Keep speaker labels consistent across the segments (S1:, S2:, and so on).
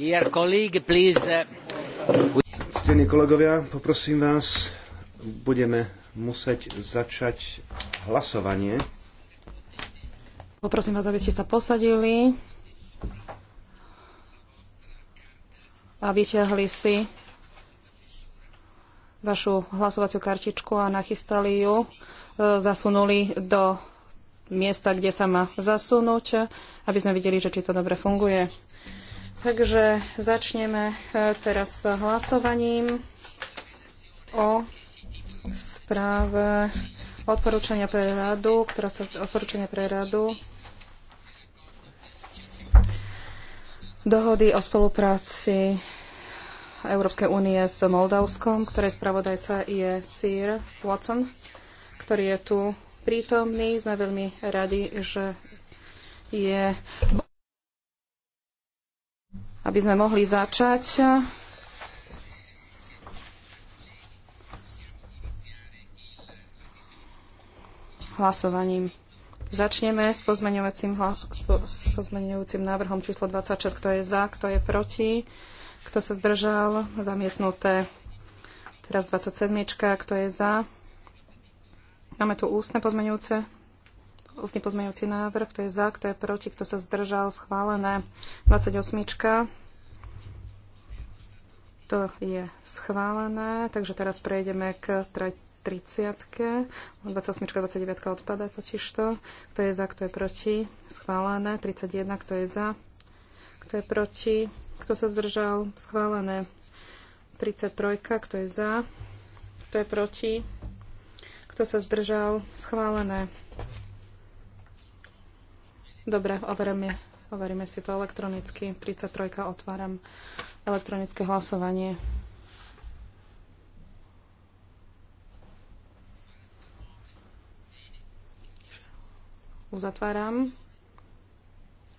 S1: Uh,
S2: Ctení kolegovia, poprosím vás, budeme musieť začať hlasovanie.
S3: Poprosím vás, aby ste sa posadili a vyťahli si vašu hlasovaciu kartičku a nachystali ju, e, zasunuli do miesta, kde sa má zasunúť, aby sme videli, že či to dobre funguje. Takže začneme e, teraz hlasovaním o správe odporúčania pre radu, ktorá sa odporúčania pre radu dohody o spolupráci Európskej únie s Moldavskom, ktoré spravodajca je Sir Watson, ktorý je tu prítomný. Sme veľmi radi, že je aby sme mohli začať. Hlasovaním. Začneme s pozmeňujúcim, s pozmeňujúcim návrhom číslo 26. Kto je za, kto je proti, kto sa zdržal, zamietnuté. Teraz 27. Kto je za? Máme tu ústne pozmeňujúce ústny pozmeňujúci návrh, kto je za, kto je proti, kto sa zdržal, schválené. 28. To je schválené, takže teraz prejdeme k 30. 28. 29. odpada to. Kto je za, kto je proti, schválené. 31. Kto je za, kto je proti, kto sa zdržal, schválené. 33. Kto je za, kto je proti, kto sa zdržal, schválené. Dobre, overíme, overíme si to elektronicky. 33. otváram elektronické hlasovanie. Uzatváram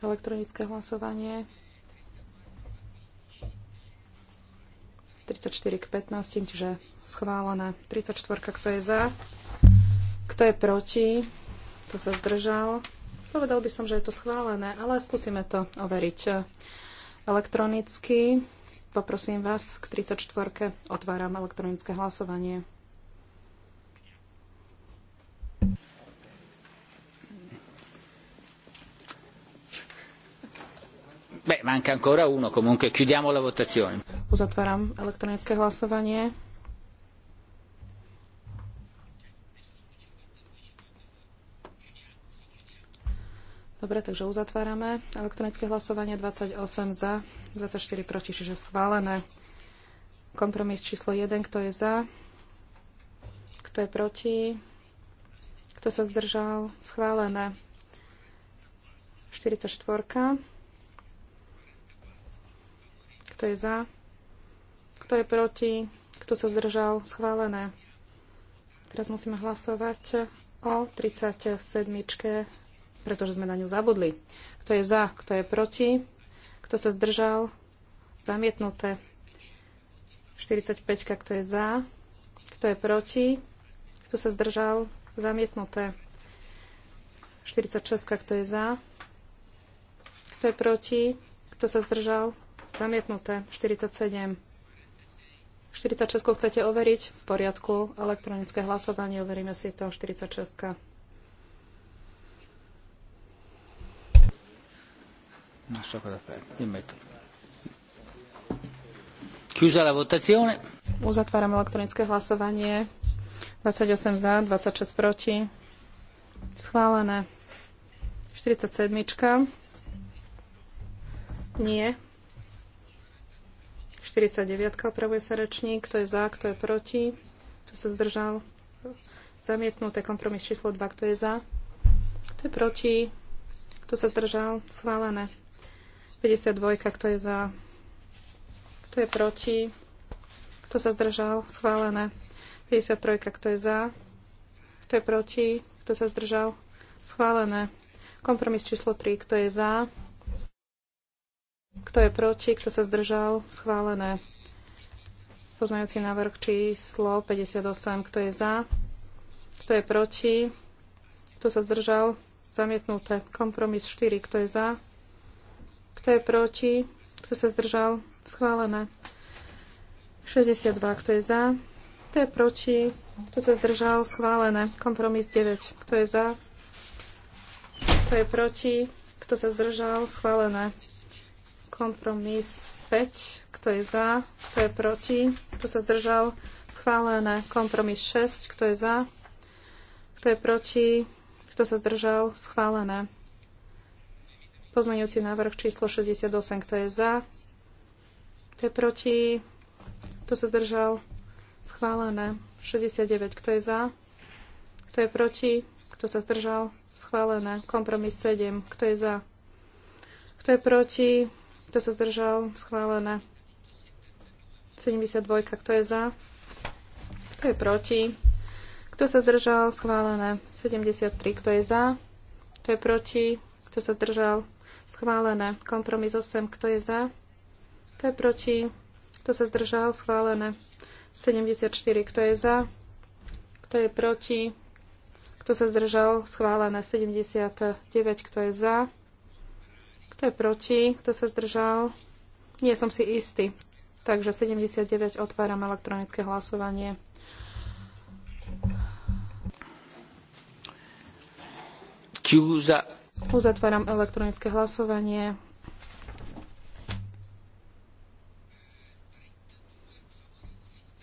S3: elektronické hlasovanie. 34 k 15, čiže schválené. 34, kto je za, kto je proti, kto sa zdržal. Povedal by som, že je to schválené, ale skúsime to overiť elektronicky. Poprosím vás k 34. Otváram elektronické hlasovanie.
S1: Beh, manca ancora uno, comunque chiudiamo la votazione.
S3: Uzatváram elektronické hlasovanie. Dobre, takže uzatvárame elektronické hlasovanie 28 za, 24 proti, čiže schválené. Kompromis číslo 1, kto je za, kto je proti, kto sa zdržal, schválené. 44. Kto je za, kto je proti, kto sa zdržal, schválené. Teraz musíme hlasovať o 37 pretože sme na ňu zabudli. Kto je za, kto je proti, kto sa zdržal, zamietnuté. 45, kto je za, kto je proti, kto sa zdržal, zamietnuté. 46, kto je za, kto je proti, kto sa zdržal, zamietnuté. 47. 46 chcete overiť? V poriadku. Elektronické hlasovanie, overíme si to. 46. Uzatváram elektronické hlasovanie. 28 za, 26 proti. Schválené. 47. Nie. 49. Opravuje sa rečník. Kto je za, kto je proti? Kto sa zdržal? Zamietnuté. Kompromis číslo 2. Kto je za? Kto je proti? Kto sa zdržal? Schválené. 52, kto je za, kto je proti, kto sa zdržal, schválené. 53, kto je za, kto je proti, kto sa zdržal, schválené. Kompromis číslo 3, kto je za, kto je proti, kto sa zdržal, schválené. Pozmeňujúci návrh číslo 58, kto je za, kto je proti, kto sa zdržal, zamietnuté. Kompromis 4, kto je za, kto je proti? Kto sa zdržal? Schválené. 62. Kto je za? Kto je proti? Kto sa zdržal? Schválené. Kompromis 9. Kto je za? Kto je proti? Kto sa zdržal? Schválené. Kompromis 5. Kto je za? Kto je proti? Kto sa zdržal? Schválené. Kompromis 6. Kto je za? Kto je proti? Kto sa zdržal? Schválené. Pozmeňujúci návrh číslo 68, kto je za? Kto je proti? Kto sa zdržal? Schválené. 69, kto je za? Kto je proti? Kto sa zdržal? Schválené. Kompromis 7, kto je za? Kto je proti? Kto sa zdržal? Schválené. 72, kto je za? Kto je proti? Kto sa zdržal? Schválené. 73, kto je za? Kto je proti? Kto sa zdržal? Schválené. Kompromis 8. Kto je za? Kto je proti? Kto sa zdržal? Schválené. 74. Kto je za? Kto je proti? Kto sa zdržal? Schválené. 79. Kto je za? Kto je proti? Kto sa zdržal? Nie som si istý. Takže 79 otváram elektronické hlasovanie. Chiusa Uzatváram elektronické hlasovanie.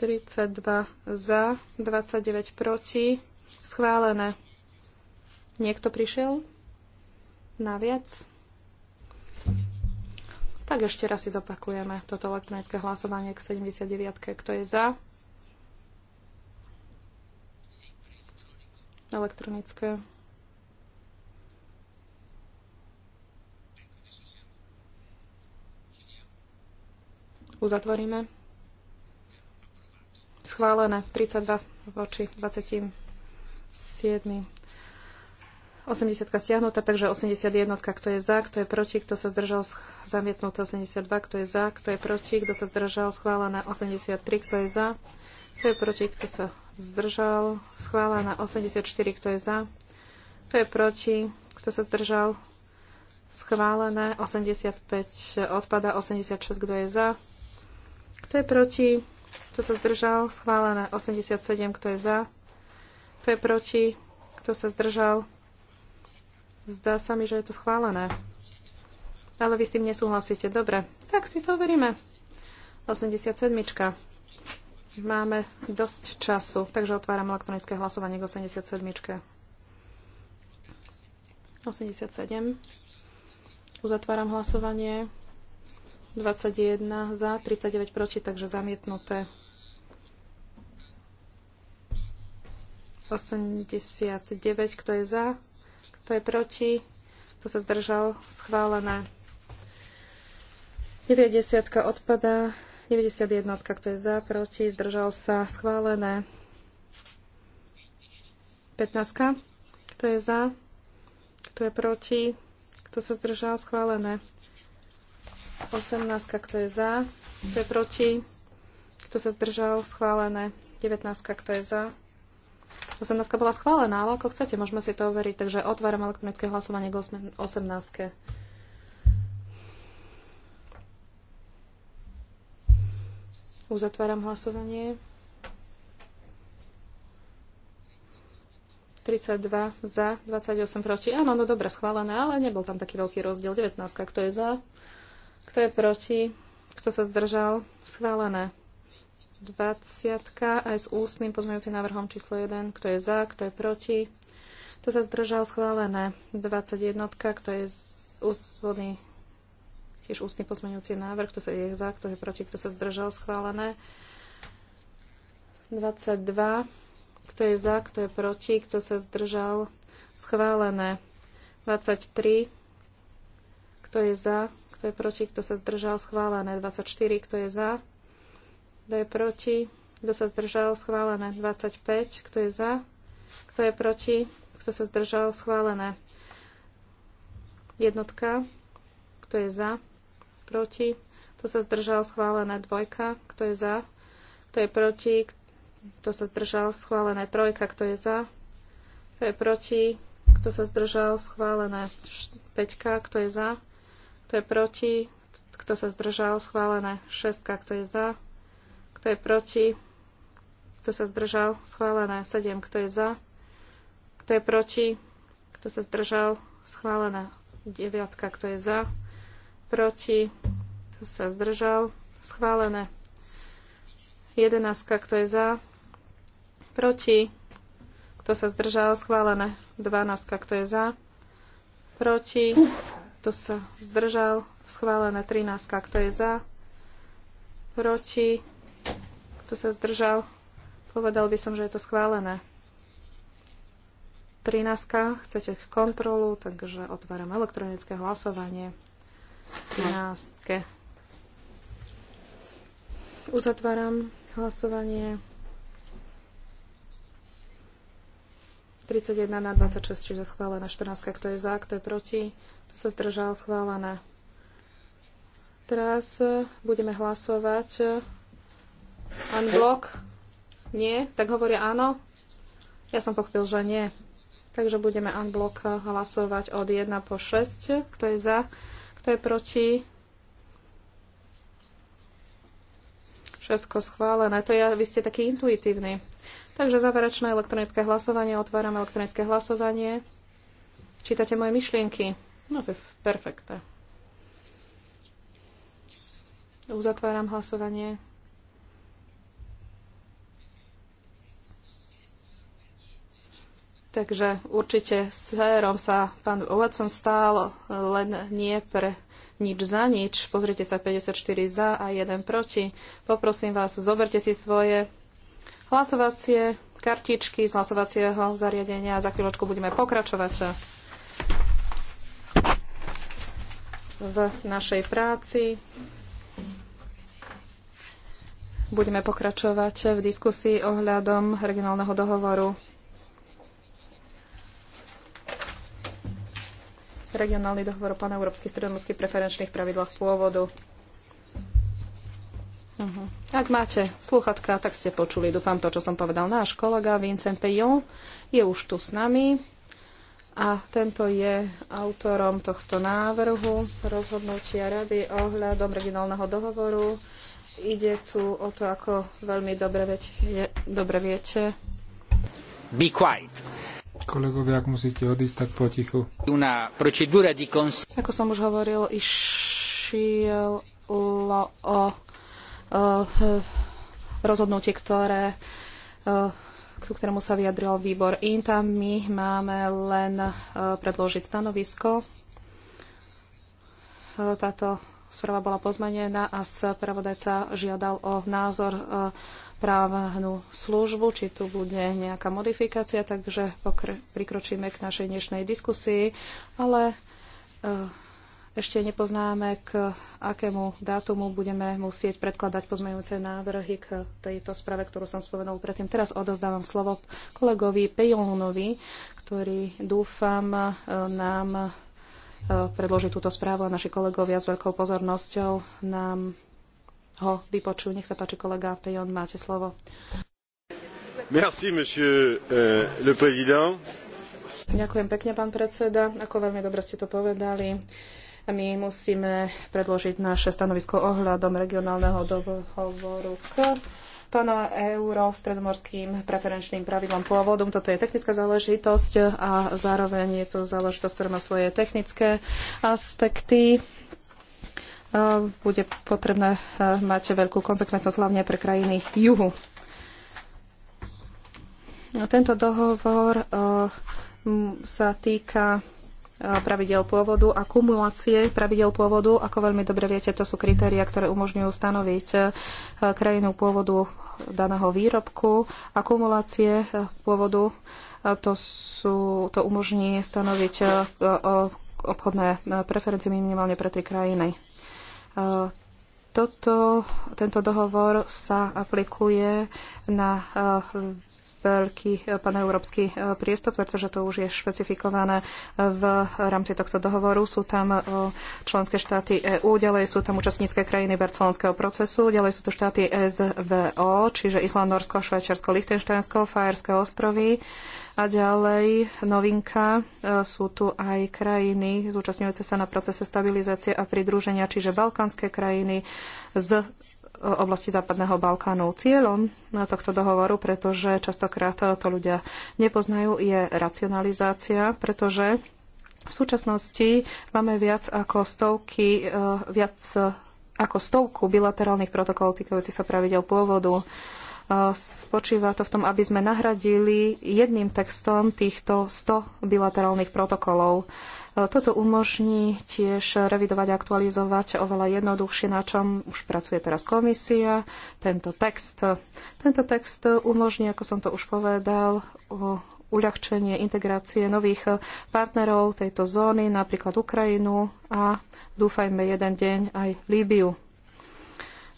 S3: 32 za, 29 proti. Schválené. Niekto prišiel? Naviac? Tak ešte raz si zopakujeme toto elektronické hlasovanie k 79. -ke. Kto je za? Elektronické. Uzatvoríme. Schválené 32 voči 27. 80 stiahnutá, takže 81, kto je za, kto je proti, kto sa zdržal, zamietnuté 82, kto je za, kto je proti, kto sa zdržal, schválené 83, kto je za, kto je proti, kto sa zdržal, schválené 84, kto je za, kto je proti, kto sa zdržal, schválené 85, odpada 86, kto je za, kto je proti? Kto sa zdržal? Schválené. 87. Kto je za? Kto je proti? Kto sa zdržal? Zdá sa mi, že je to schválené. Ale vy s tým nesúhlasíte. Dobre, tak si to overíme. 87. Máme dosť času, takže otváram elektronické hlasovanie k 87. 87. Uzatváram hlasovanie. 21 za, 39 proti, takže zamietnuté. 89, kto je za, kto je proti, kto sa zdržal, schválené. 90 odpada, 91, kto je za, proti, zdržal sa, schválené. 15, kto je za, kto je proti, kto sa zdržal, schválené. 18, kto je za, kto je proti, kto sa zdržal, schválené. 19, kto je za. 18 bola schválená, ale ako chcete, môžeme si to overiť. Takže otváram elektronické hlasovanie k 18. Uzatváram hlasovanie. 32 za, 28 proti. Áno, no dobre, schválené, ale nebol tam taký veľký rozdiel. 19, kto je za, kto je proti? Kto sa zdržal? Schválené. 20 aj s ústnym pozmeňujúcim návrhom číslo 1. Kto je za? Kto je proti? Kto sa zdržal? Schválené. 21. Kto je ústvodný tiež ústny pozmeňujúci návrh. Kto sa je za? Kto je proti? Kto sa zdržal? Schválené. 22. Kto je za? Kto je proti? Kto sa zdržal? Schválené. 23. Kto je za? Kto je proti? Kto sa zdržal? Schválené. 24. Kto je za? Kto je proti? Kto sa zdržal? Schválené. 25. Kto je za? Kto je proti? Kto sa zdržal? Schválené. Jednotka. Kto je za? Proti? Kto sa zdržal? Schválené. Dvojka. Kto je za? Kto je proti? Kto sa zdržal? Schválené. Trojka. Kto je za? Kto je proti? Kto sa zdržal? Schválené. Peťka. Kto je za? Kto je proti? Kto sa zdržal? Schválené. Šestka. Kto je za? Kto je proti? Kto sa zdržal? Schválené. Sedem. Kto je za? Kto je proti? Kto sa zdržal? Schválené. Deviatka. Kto je za? Proti? Kto sa zdržal? Schválené. Jedenáctka. Kto je za? Proti? Kto sa zdržal? Schválené. Dvanáctka. Kto je za? Proti? Kto sa zdržal? Schválené 13. Kto je za? Proti? Kto sa zdržal? Povedal by som, že je to schválené. 13. Chcete kontrolu, takže otváram elektronické hlasovanie. 13. Uzatváram hlasovanie. 31 na 26, čiže schválené 14. Kto je za, kto je proti? Kto sa zdržal? Schválené. Teraz e, budeme hlasovať e, unblock. Nie? Tak hovoria áno? Ja som pochopil, že nie. Takže budeme unblock hlasovať od 1 po 6. Kto je za? Kto je proti? Všetko schválené. To je vy ste taký intuitívny. Takže záverečné elektronické hlasovanie. Otváram elektronické hlasovanie. Čítate moje myšlienky. No to je perfektné. Uzatváram hlasovanie. Takže určite s Herom sa pán Watson stál, len nie pre nič za nič. Pozrite sa, 54 za a 1 proti. Poprosím vás, zoberte si svoje hlasovacie kartičky z hlasovacieho zariadenia. Za chvíľočku budeme pokračovať. v našej práci. Budeme pokračovať v diskusii ohľadom regionálneho dohovoru. Regionálny dohovor o paneurópskych stredomorských preferenčných pravidlách pôvodu. Uh-huh. Ak máte sluchatka, tak ste počuli, dúfam, to, čo som povedal. Náš kolega Vincent Pejon. je už tu s nami a tento je autorom tohto návrhu rozhodnutia rady ohľadom regionálneho dohovoru. Ide tu o to, ako veľmi dobre, je, dobre viete.
S1: Be quiet. Kolegovia, ak musíte odísť, tak potichu. Una procedura di cons-
S3: ako som už hovoril, išiel o, o, o rozhodnutie, ktoré o, ku ktorému sa vyjadril výbor INTA. My máme len e, predložiť stanovisko. E, táto správa bola pozmenená a spravodajca žiadal o názor e, právnu službu, či tu bude nejaká modifikácia, takže prikročíme k našej dnešnej diskusii, ale ešte nepoznáme, k akému dátumu budeme musieť predkladať pozmeňujúce návrhy k tejto sprave, ktorú som spomenul predtým. Teraz odozdávam slovo kolegovi Pejonovi, ktorý dúfam nám e, predloží túto správu a naši kolegovia s veľkou pozornosťou nám ho vypočujú. Nech sa páči, kolega Pejon, máte slovo.
S2: Merci, monsieur euh, le président.
S3: Ďakujem pekne, pán predseda. Ako veľmi dobre ste to povedali, my musíme predložiť naše stanovisko ohľadom regionálneho dohovoru k pána euro stredomorským preferenčným pravidlom pôvodom, Toto je technická záležitosť a zároveň je to záležitosť, ktorá má svoje technické aspekty bude potrebné e, mať veľkú konsekventnosť hlavne pre krajiny juhu. Tento dohovor e, sa týka pravidel pôvodu a kumulácie pravidel pôvodu. Ako veľmi dobre viete, to sú kritéria, ktoré umožňujú stanoviť krajinu pôvodu daného výrobku a kumulácie pôvodu to, sú, to umožní stanoviť obchodné preferencie minimálne pre tri krajiny. Toto, tento dohovor sa aplikuje na veľký e, paneurópsky e, priestor, pretože to už je špecifikované v rámci tohto dohovoru. Sú tam e, členské štáty EÚ, ďalej sú tam účastnícke krajiny barcelonského procesu, ďalej sú tu štáty SVO, čiže Island, Norsko, Švajčiarsko, Lichtensteinsko, Fajerské ostrovy. A ďalej novinka, sú tu aj krajiny zúčastňujúce sa na procese stabilizácie a pridruženia, čiže balkánske krajiny z oblasti Západného Balkánu. Cieľom tohto dohovoru, pretože častokrát to ľudia nepoznajú, je racionalizácia, pretože v súčasnosti máme viac ako stovky, eh, viac eh, ako stovku bilaterálnych protokolov týkajúcich sa pravidel pôvodu eh, spočíva to v tom, aby sme nahradili jedným textom týchto 100 bilaterálnych protokolov. E, toto umožní tiež revidovať a aktualizovať oveľa jednoduchšie, na čom už pracuje teraz komisia, tento text. Tento text umožní, ako som to už povedal, uľahčenie integrácie nových partnerov tejto zóny, napríklad Ukrajinu a dúfajme jeden deň aj Líbiu.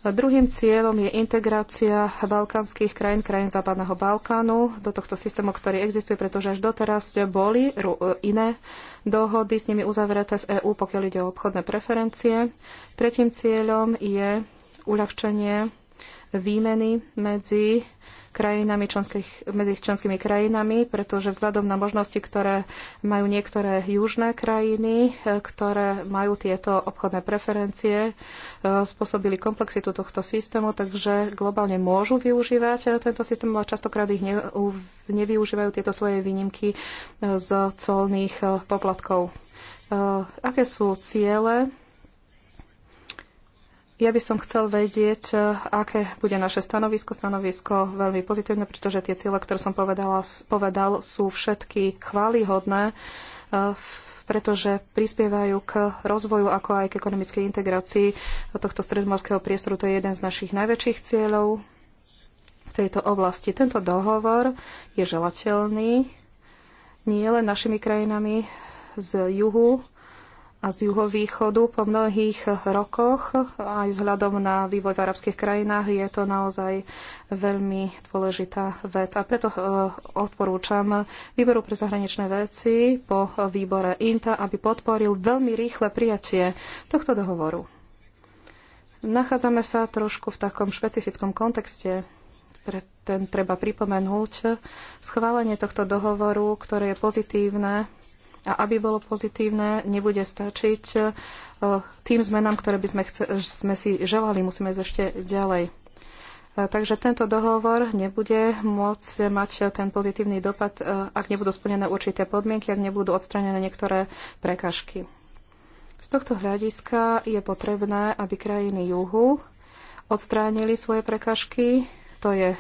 S3: Druhým cieľom je integrácia balkánskych krajín, krajín Západného Balkánu do tohto systému, ktorý existuje, pretože až doteraz boli iné dohody s nimi uzavreté z EÚ, pokiaľ ide o obchodné preferencie. Tretím cieľom je uľahčenie výmeny medzi krajinami, členských, medzi členskými krajinami, pretože vzhľadom na možnosti, ktoré majú niektoré južné krajiny, e, ktoré majú tieto obchodné preferencie, e, spôsobili komplexitu tohto systému, takže globálne môžu využívať e, tento systém, ale častokrát ich nevyužívajú tieto svoje výnimky z colných poplatkov. Aké sú ciele ja by som chcel vedieť, aké bude naše stanovisko. Stanovisko veľmi pozitívne, pretože tie ciele, ktoré som povedala, povedal, sú všetky chválihodné, eh, pretože prispievajú k rozvoju, ako aj k ekonomickej integrácii tohto stredomorského priestoru. To je jeden z našich najväčších cieľov v tejto oblasti. Tento dohovor je želateľný nie len našimi krajinami z juhu, a z juhovýchodu po mnohých rokoch, aj vzhľadom na vývoj v arabských krajinách, je to naozaj veľmi dôležitá vec. A preto e, odporúčam výboru pre zahraničné veci po výbore INTA, aby podporil veľmi rýchle prijatie tohto dohovoru. Nachádzame sa trošku v takom špecifickom kontexte, pre ten treba pripomenúť schválenie tohto dohovoru, ktoré je pozitívne a aby bolo pozitívne, nebude stačiť e, tým zmenám, ktoré by sme, chce, sme si želali, musíme ísť ešte ďalej. E, takže tento dohovor nebude môcť mať ten pozitívny dopad, e, ak nebudú splnené určité podmienky, ak nebudú odstranené niektoré prekažky. Z tohto hľadiska je potrebné, aby krajiny juhu odstránili svoje prekažky, to je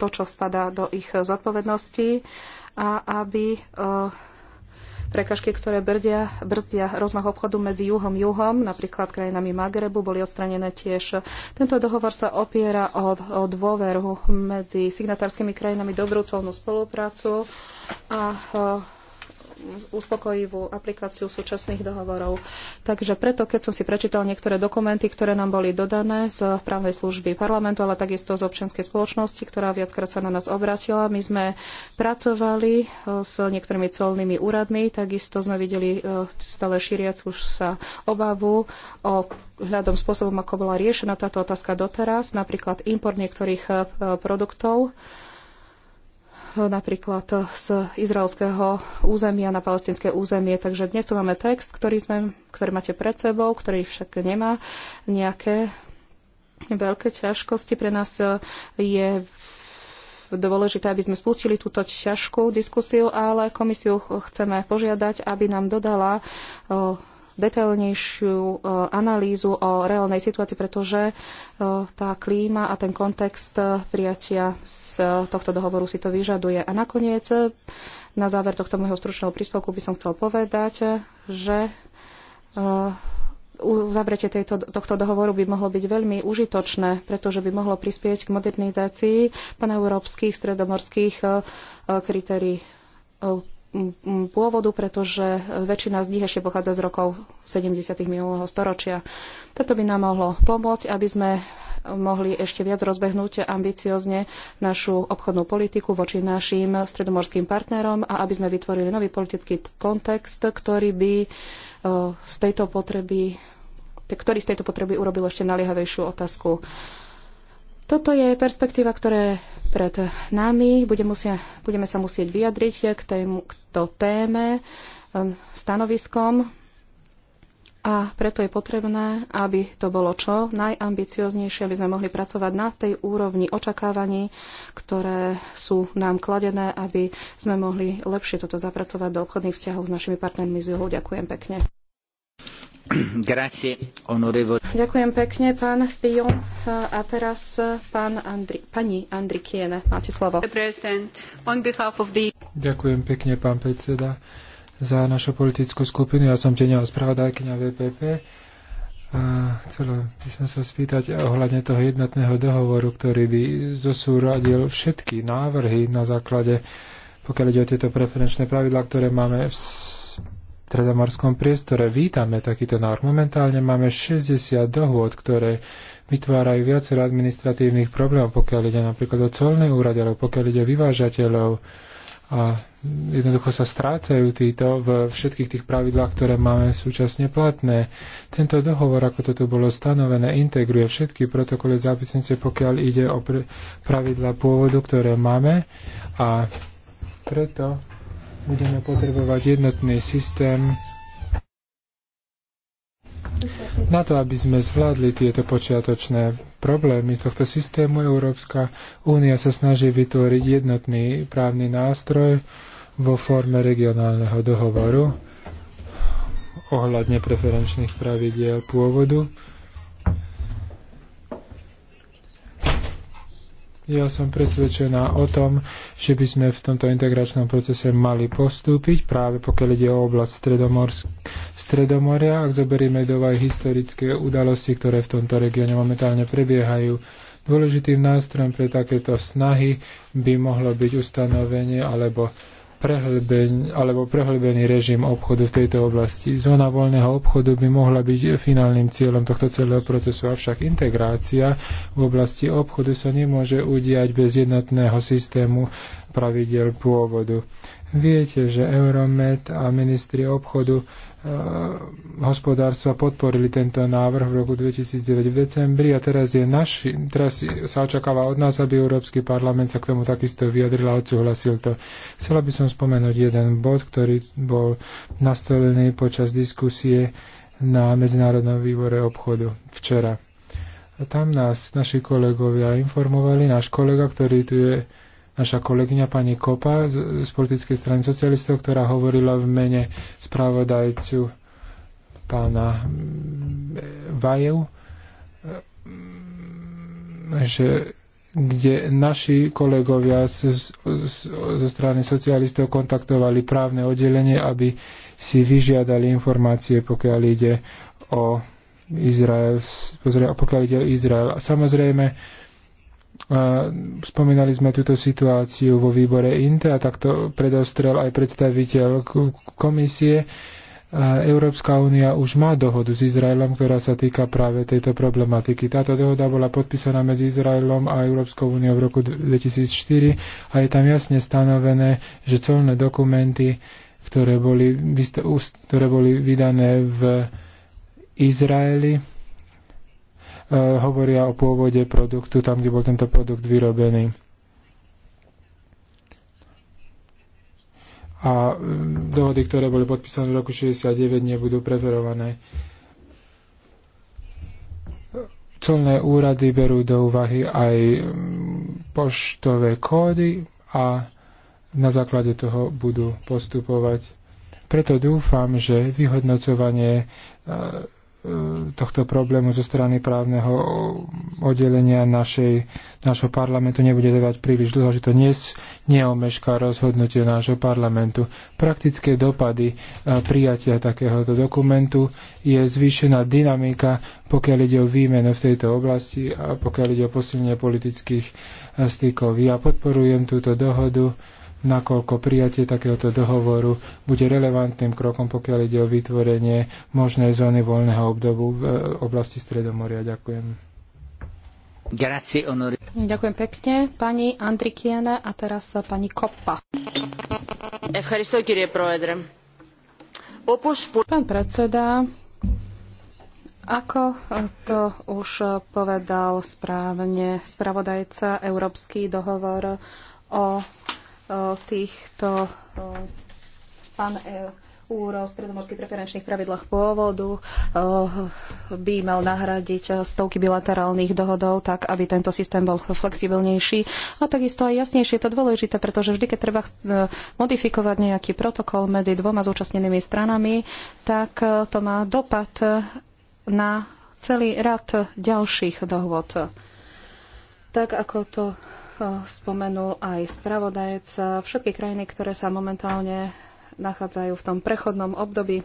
S3: to, čo spadá do ich zodpovedností, a aby Prekažky, ktoré brdia, brzdia rozmach obchodu medzi juhom a juhom, napríklad krajinami Magrebu, boli odstranené tiež. Tento dohovor sa opiera o, o dôveru medzi signatárskymi krajinami dobrú colnú spoluprácu a uspokojivú aplikáciu súčasných dohovorov. Takže preto, keď som si prečítal niektoré dokumenty, ktoré nám boli dodané z právnej služby parlamentu, ale takisto z občianskej spoločnosti, ktorá viackrát sa na nás obratila, my sme pracovali e, s niektorými colnými úradmi, takisto sme videli e, stále šíriacu sa obavu o hľadom spôsobom, ako bola riešená táto otázka doteraz, napríklad import niektorých e, produktov, napríklad z izraelského územia na palestinské územie. Takže dnes tu máme text, ktorý, sme, ktorý máte pred sebou, ktorý však nemá nejaké veľké ťažkosti. Pre nás eh, je dôležité, aby sme spustili túto ťažkú diskusiu, ale komisiu chceme požiadať, aby nám dodala eh, detailnejšiu e, analýzu o reálnej situácii, pretože e, tá klíma a ten kontext e, prijatia z tohto dohovoru si to vyžaduje. A nakoniec, na záver tohto môjho stručného príspevku by som chcel povedať, že uzavretie tejto, tohto dohovoru by mohlo byť veľmi užitočné, pretože by mohlo prispieť k modernizácii paneurópskych stredomorských kritérií pôvodu, pretože väčšina z nich ešte pochádza z rokov 70. minulého storočia. Toto by nám mohlo pomôcť, aby sme mohli ešte viac rozbehnúť ambiciozne našu obchodnú politiku voči našim stredomorským partnerom a aby sme vytvorili nový politický kontext, ktorý by e, z tejto potreby ktorý z tejto potreby urobil ešte naliehavejšiu otázku toto je perspektíva, ktoré pred nami. Bude musia, budeme sa musieť vyjadriť k, tém, k to téme um, stanoviskom a preto je potrebné, aby to bolo čo najambicioznejšie, aby sme mohli pracovať na tej úrovni očakávaní, ktoré sú nám kladené, aby sme mohli lepšie toto zapracovať do obchodných vzťahov s našimi partnermi z juhu. Ďakujem pekne. Ďakujem pekne, pán Pion. A teraz pán Andri, pani Andrikiene. Máte slovo.
S1: Ďakujem pekne, pán predseda, za našu politickú skupinu. Ja som teňová spravodajkyňa VPP. A chcela by som sa spýtať ohľadne toho jednotného dohovoru, ktorý by zosúradil všetky návrhy na základe, pokiaľ ide o tieto preferenčné pravidlá, ktoré máme v stredomorskom priestore. Vítame takýto návrh. Momentálne máme 60 dohôd, ktoré vytvárajú viacero administratívnych problémov, pokiaľ ide napríklad o colné úrady, alebo pokiaľ ide o vyvážateľov. A jednoducho sa strácajú títo v všetkých tých pravidlách, ktoré máme súčasne platné. Tento dohovor, ako to tu bolo stanovené, integruje všetky protokoly zápisnice, pokiaľ ide o pravidla pôvodu, ktoré máme. A preto budeme potrebovať jednotný systém na to, aby sme zvládli tieto počiatočné problémy z tohto systému, Európska únia sa snaží vytvoriť jednotný právny nástroj vo forme regionálneho dohovoru ohľadne preferenčných pravidiel pôvodu Ja som presvedčená o tom, že by sme v tomto integračnom procese mali postúpiť, práve pokiaľ ide o oblasť Stredomorsk- Stredomoria, ak zoberieme do aj historické udalosti, ktoré v tomto regióne momentálne prebiehajú. Dôležitým nástrojom pre takéto snahy by mohlo byť ustanovenie alebo prehlbeň, alebo prehlbený režim obchodu v tejto oblasti. Zóna voľného obchodu by mohla byť finálnym cieľom tohto celého procesu, avšak integrácia v oblasti obchodu sa nemôže udiať bez jednotného systému pravidel pôvodu. Viete, že Euromed a ministri obchodu e, hospodárstva podporili tento návrh v roku 2009 v decembri a teraz, je naši, teraz sa očakáva od nás, aby Európsky parlament sa k tomu takisto vyjadril a odsúhlasil to. Chcela by som spomenúť jeden bod, ktorý bol nastolený počas diskusie na Medzinárodnom výbore obchodu včera. A tam nás naši kolegovia informovali, náš kolega, ktorý tu je naša kolegyňa pani Kopa z, z politickej strany socialistov, ktorá hovorila v mene spravodajcu pána Vajev, že kde naši kolegovia zo strany socialistov kontaktovali právne oddelenie, aby si vyžiadali informácie, pokiaľ ide o Izrael, pokiaľ ide o Izrael. A samozrejme, spomínali sme túto situáciu vo výbore INTE a takto predostrel aj predstaviteľ komisie. Európska únia už má dohodu s Izraelom, ktorá sa týka práve tejto problematiky. Táto dohoda bola podpísaná medzi Izraelom a Európskou úniou v roku 2004 a je tam jasne stanovené, že colné dokumenty, ktoré boli, ktoré boli vydané v Izraeli, Eh, hovoria o pôvode produktu, tam, kde bol tento produkt vyrobený. A mm, dohody, ktoré boli podpísané v roku 69, nebudú preferované. Colné úrady berú do úvahy aj mm, poštové kódy a na základe toho budú postupovať. Preto dúfam, že vyhodnocovanie eh, E, tohto problému zo strany právneho oddelenia našej, našho parlamentu nebude trvať príliš dlho, že to dnes neomešká rozhodnutie nášho parlamentu. Praktické dopady e, prijatia takéhoto dokumentu je zvýšená dynamika, pokiaľ ide o výmenu v tejto oblasti a pokiaľ ide o posilnenie politických e, stykov. Ja podporujem túto dohodu nakoľko prijatie takéhoto dohovoru bude relevantným krokom, pokiaľ ide o vytvorenie možnej zóny voľného obdobu v e, oblasti Stredomoria. Ďakujem.
S3: Ďakujem pekne. Pani Andrikiene a teraz pani Koppa. Pán predseda, ako to už povedal správne spravodajca, Európsky dohovor o týchto pan e, v stredomorských preferenčných pravidlách pôvodu by mal nahradiť stovky bilaterálnych dohodov tak, aby tento systém bol flexibilnejší a takisto aj jasnejšie. Je to dôležité, pretože vždy, keď treba e, modifikovať nejaký protokol medzi dvoma zúčastnenými stranami, tak e, to má dopad na celý rad ďalších dohod. Tak ako to spomenul aj spravodajec, všetky krajiny, ktoré sa momentálne nachádzajú v tom prechodnom období,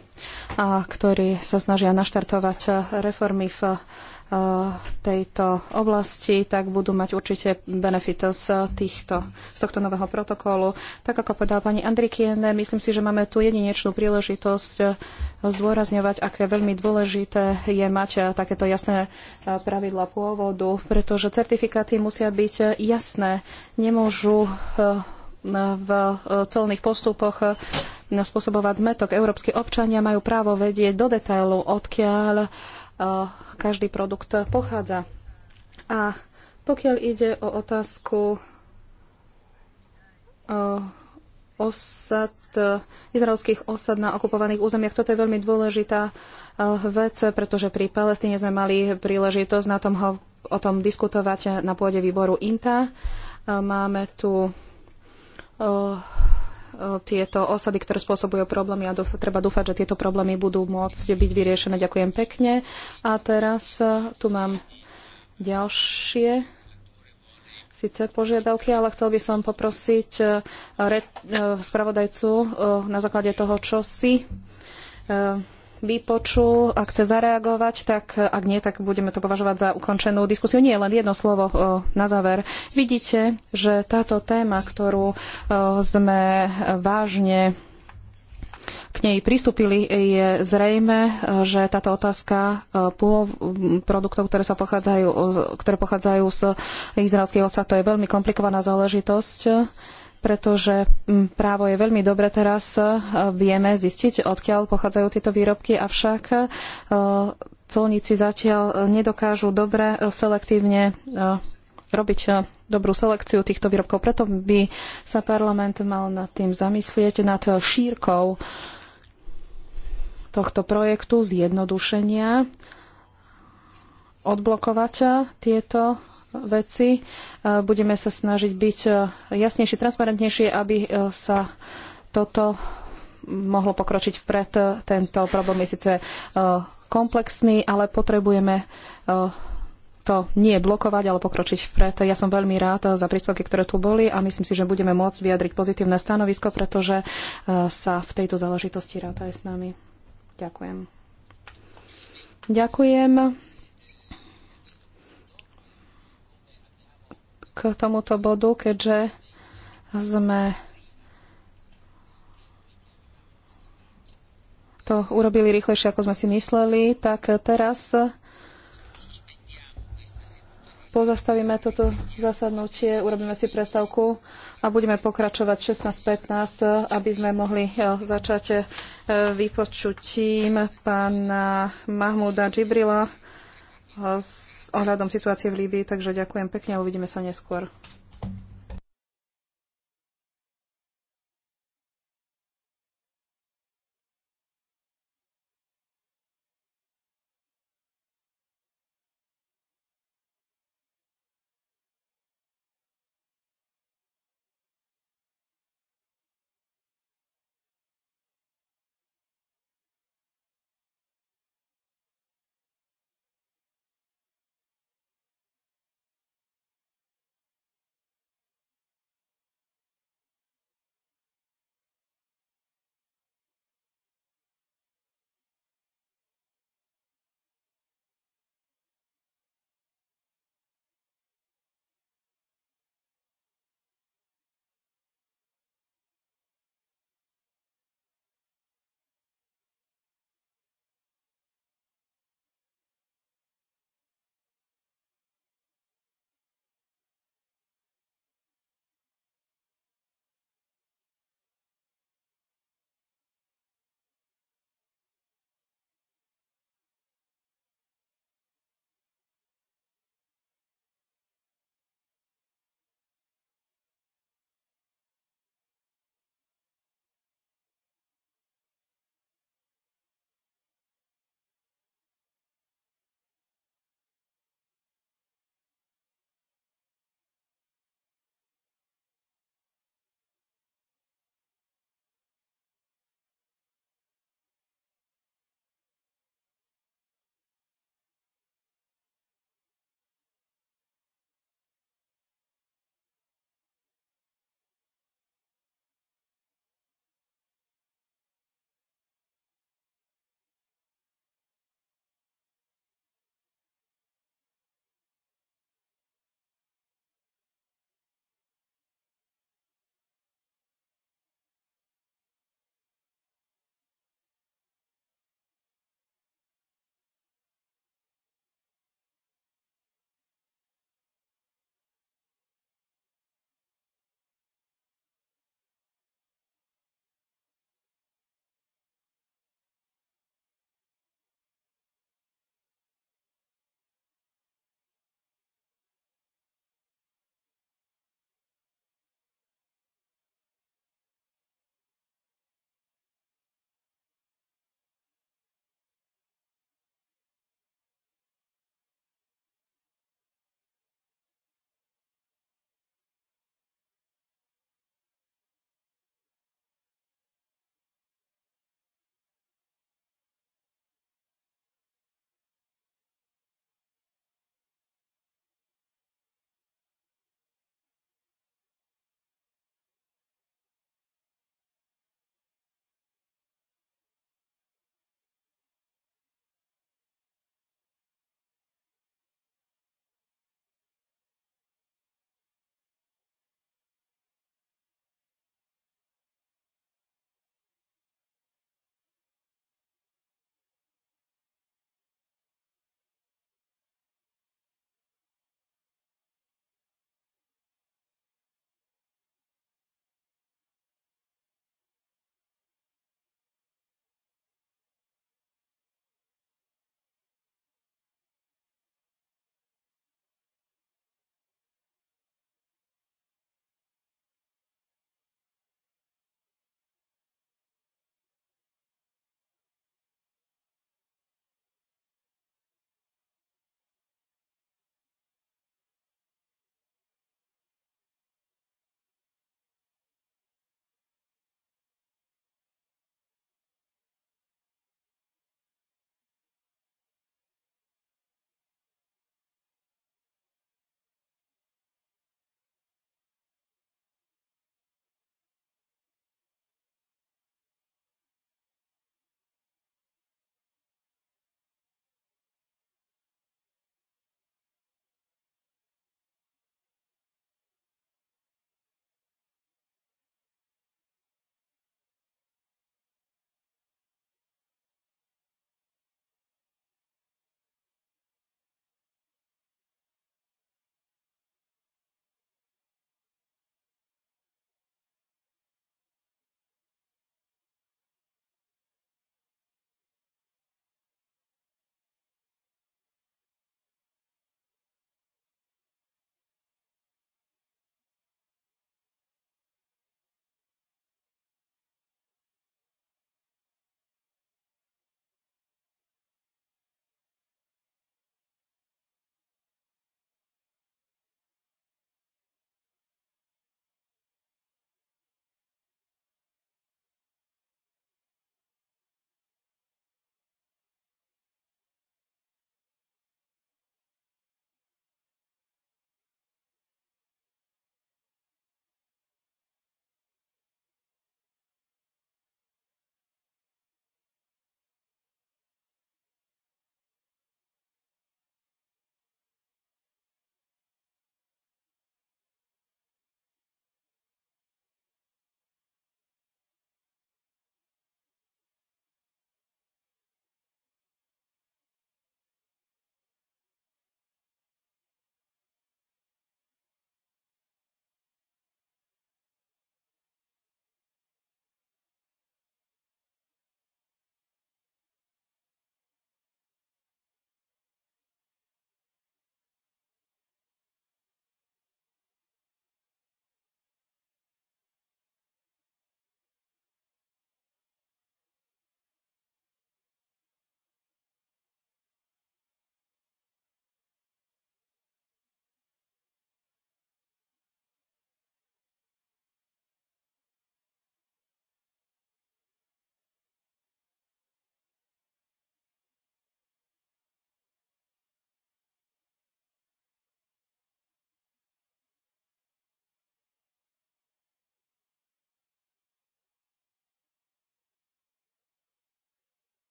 S3: a ktorí sa snažia naštartovať reformy v e, tejto oblasti, tak budú mať určite benefit z, týchto, z tohto nového protokolu. Tak ako povedala pani Andrikiene, myslím si, že máme tu jedinečnú príležitosť zdôrazňovať, aké veľmi dôležité je mať eh, takéto jasné eh, pravidla pôvodu, pretože certifikáty musia byť jasné. Nemôžu eh, v colných postupoch spôsobovať zmetok. Európsky občania majú právo vedieť do detailu, odkiaľ každý produkt pochádza. A pokiaľ ide o otázku osad, izraelských osad na okupovaných územiach. Toto je veľmi dôležitá eh, vec, pretože pri Palestíne sme mali príležitosť na tom ho, o tom diskutovať na pôde výboru INTA. Eh, máme tu o, eh, o, tieto osady, ktoré spôsobujú problémy a dúf- treba dúfať, že tieto problémy budú môcť byť vyriešené. Ďakujem pekne. A teraz tu mám ďalšie síce požiadavky, ale chcel by som poprosiť eh, eh, spravodajcu eh, na základe toho, čo si vypočul, ak chce zareagovať, tak ak nie, tak budeme to považovať za ukončenú diskusiu. Nie, len jedno slovo na záver. Vidíte, že táto téma, ktorú sme vážne k nej pristúpili, je zrejme, že táto otázka e, produktov, ktoré, sa pochádzajú, ktoré pochádzajú z izraelských osad, to je veľmi komplikovaná záležitosť pretože právo je veľmi dobre teraz e, vieme zistiť, odkiaľ pochádzajú tieto výrobky, avšak e, colníci zatiaľ nedokážu dobre selektívne robiť dobrú selekciu týchto výrobkov. Preto by sa parlament mal nad tým zamyslieť, nad šírkou tohto projektu zjednodušenia, odblokovať tieto veci. Budeme sa snažiť byť jasnejšie, transparentnejšie, aby sa toto mohlo pokročiť vpred. Tento problém je síce e, komplexný, ale potrebujeme e, to nie blokovať, ale pokročiť vpred. Ja som veľmi rád za príspevky, ktoré tu boli a myslím si, že budeme môcť vyjadriť pozitívne stanovisko, pretože e, sa v tejto záležitosti ráta aj s nami. Ďakujem. Ďakujem. K tomuto bodu, keďže sme to urobili rýchlejšie, ako sme si mysleli, tak teraz pozastavíme toto zasadnutie, urobíme si prestávku a budeme pokračovať 16.15, aby sme mohli e, začať e, vypočutím pána Mahmuda Džibrila e, s ohľadom situácie v Líbii. Takže ďakujem pekne a uvidíme sa neskôr.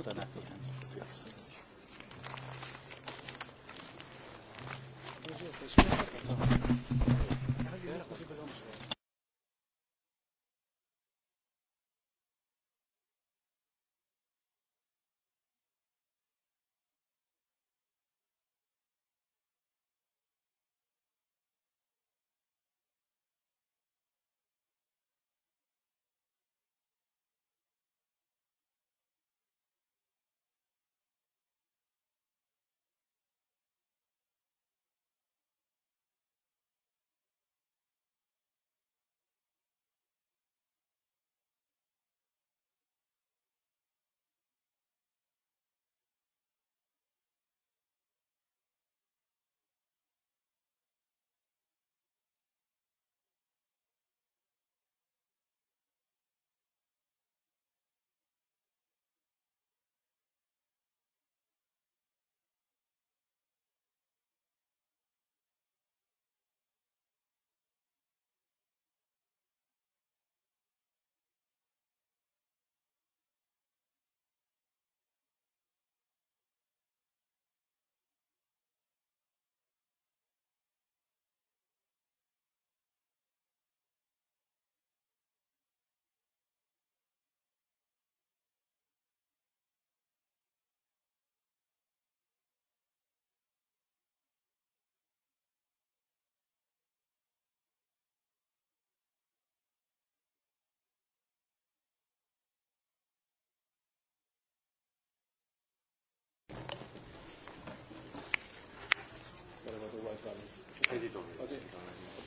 S2: Yes. Then at the end. Yes. Thank you.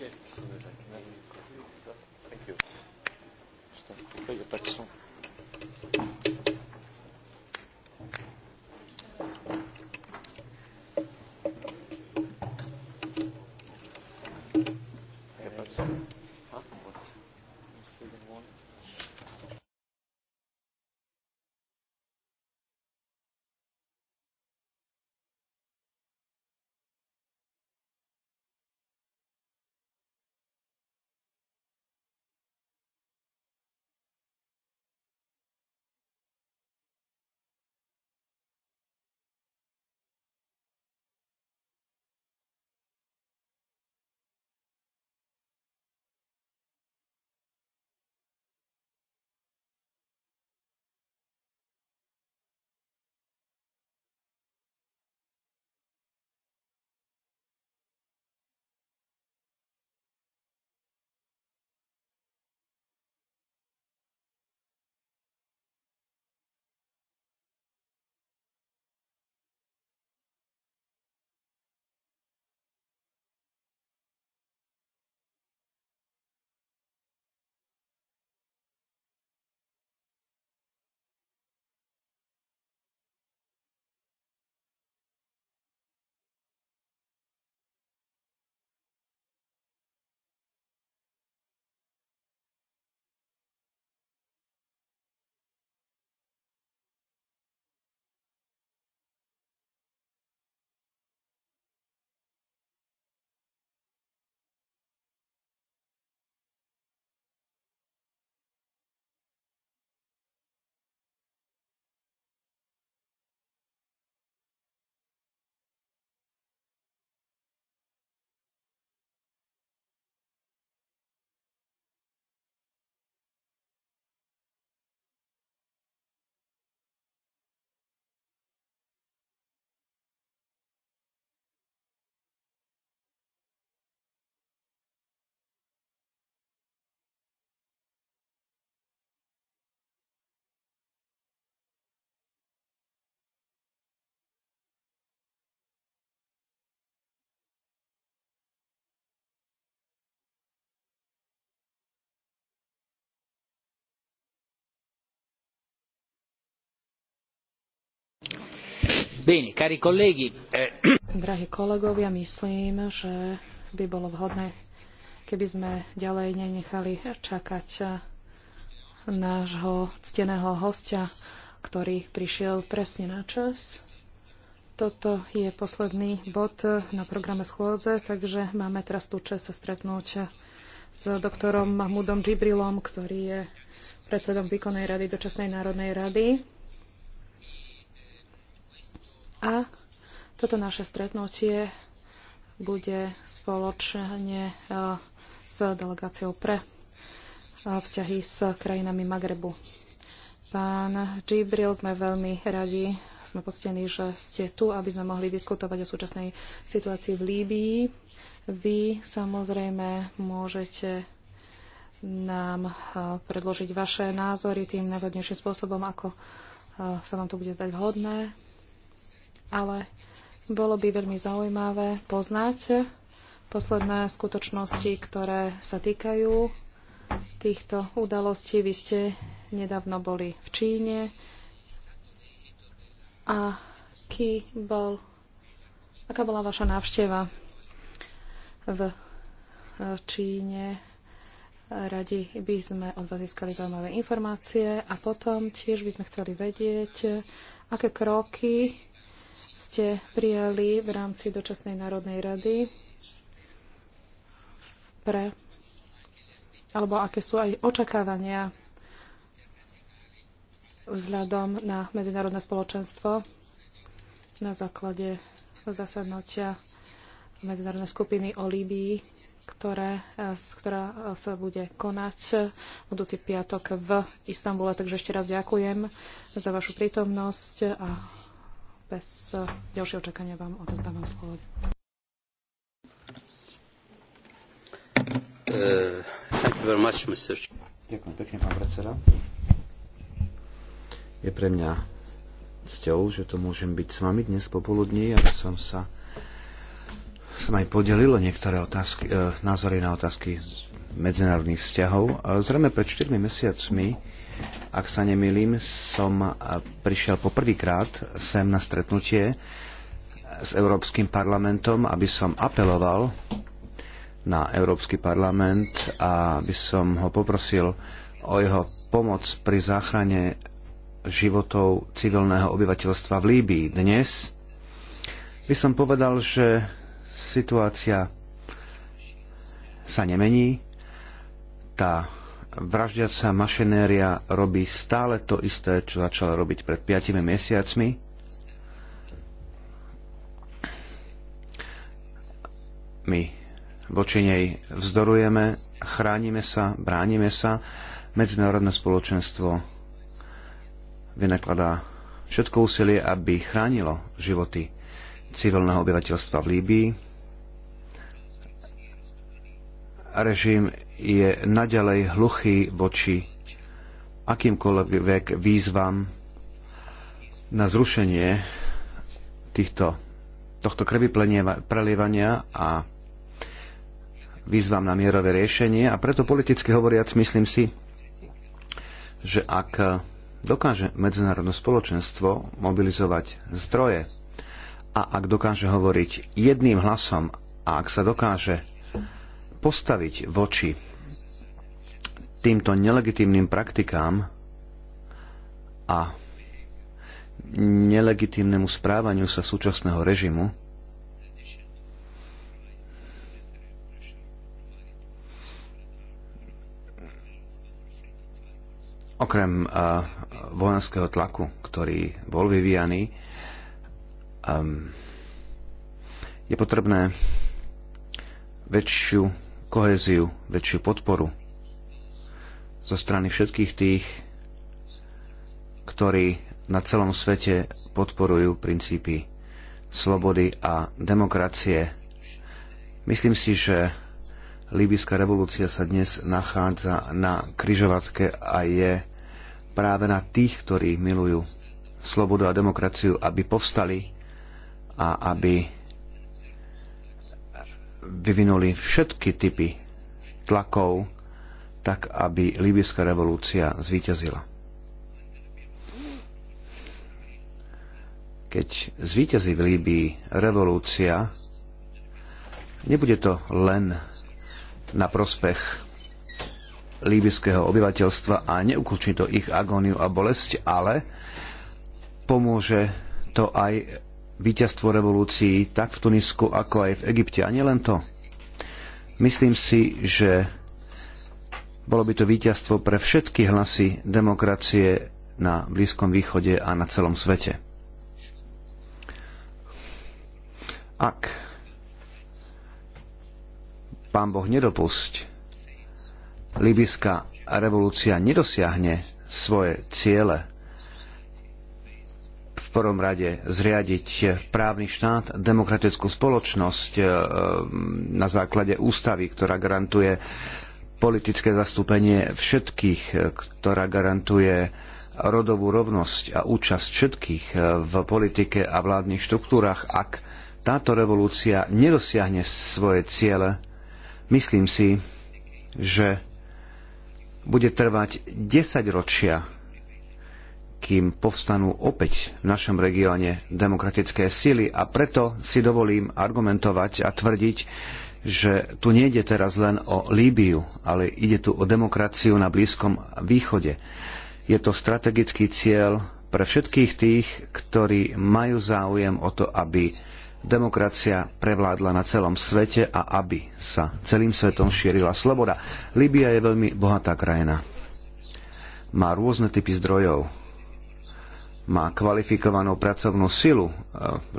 S1: Okay. Eh,
S3: Drahí kolegovia, myslím, že by bolo vhodné, keby sme ďalej nenechali čakať nášho cteného hostia, ktorý prišiel presne na čas. Toto je posledný bod na programe schôdze, takže máme teraz tú čest sa stretnúť s doktorom Mahmudom Džibrilom, ktorý je predsedom výkonnej rady dočasnej národnej rady a toto naše stretnutie bude spoločne e, s delegáciou pre e, vzťahy s krajinami Magrebu. Pán Gibril, sme veľmi radi, sme postení, že ste tu, aby sme mohli diskutovať o súčasnej situácii v Líbii. Vy samozrejme môžete nám e, predložiť vaše názory tým najvhodnejším spôsobom, ako sa vám to bude zdať vhodné ale bolo by veľmi zaujímavé poznať posledné skutočnosti, ktoré sa týkajú týchto udalostí. Vy ste nedávno boli v Číne a ký bol, aká bola vaša návšteva v e, Číne. Radi by sme od vás získali zaujímavé informácie a potom tiež by sme chceli vedieť, aké kroky ste prijali v rámci dočasnej národnej rady pre alebo aké sú aj očakávania vzhľadom na medzinárodné spoločenstvo na základe zasadnutia medzinárodnej skupiny o Líbii, ktoré, ktorá sa bude konať budúci piatok v Istambule. Takže ešte raz ďakujem za vašu prítomnosť a bez eh, ďalšieho čakania vám odozdávam slovo.
S2: Uh, Ďakujem pekne, pán predseda. Je pre mňa cťou, že to môžem byť s vami dnes popoludní, aby som sa som aj podelil niektoré otázky, eh, názory na otázky z medzinárodných vzťahov. Zrejme pred 4 mesiacmi ak sa nemýlim, som prišiel poprvýkrát sem na stretnutie s Európskym parlamentom, aby som apeloval na Európsky parlament a aby som ho poprosil o jeho pomoc pri záchrane životov civilného obyvateľstva v Líbii. Dnes by som povedal, že situácia sa nemení. Tá vraždiaca mašinéria robí stále to isté, čo začala robiť pred 5 mesiacmi. My voči nej vzdorujeme, chránime sa, bránime sa. Medzinárodné spoločenstvo vynakladá všetko úsilie, aby chránilo životy civilného obyvateľstva v Líbii, režim je naďalej hluchý voči akýmkoľvek výzvam na zrušenie týchto, tohto krvi prelievania a výzvam na mierové riešenie. A preto politicky hovoriac myslím si, že ak dokáže medzinárodné spoločenstvo mobilizovať zdroje a ak dokáže hovoriť jedným hlasom a ak sa dokáže postaviť voči týmto nelegitímnym praktikám a nelegitímnemu správaniu sa súčasného režimu, okrem uh, vojenského tlaku, ktorý bol vyvíjaný, um, je potrebné väčšiu kohéziu, väčšiu podporu zo strany všetkých tých, ktorí na celom svete podporujú princípy slobody a demokracie. Myslím si, že Líbyská revolúcia sa dnes nachádza na kryžovatke a je práve na tých, ktorí milujú slobodu a demokraciu, aby povstali a aby vyvinuli všetky typy tlakov, tak aby líbyská revolúcia zvíťazila. Keď zvíťazí v Líbii revolúcia, nebude to len na prospech líbyského obyvateľstva a neukúčni to ich agóniu a bolesť, ale pomôže to aj víťazstvo revolúcií tak v Tunisku, ako aj v Egypte. A nielen to. Myslím si, že bolo by to víťazstvo pre všetky hlasy demokracie na Blízkom východe a na celom svete. Ak pán Boh nedopusť, libyská revolúcia nedosiahne svoje ciele, prvom rade zriadiť právny štát, demokratickú spoločnosť e, na základe ústavy, ktorá garantuje politické zastúpenie všetkých, e, ktorá garantuje rodovú rovnosť a účasť všetkých e, v politike a vládnych štruktúrach, ak táto revolúcia nedosiahne svoje ciele, myslím si, že bude trvať desaťročia kým povstanú opäť v našom regióne demokratické sily a preto si dovolím argumentovať a tvrdiť, že tu nejde teraz len o Líbiu, ale ide tu o demokraciu na Blízkom východe. Je to strategický cieľ pre všetkých tých, ktorí majú záujem o to, aby demokracia prevládla na celom svete a aby sa celým svetom šírila sloboda. Líbia je veľmi bohatá krajina. Má rôzne typy zdrojov, má kvalifikovanú pracovnú silu. E,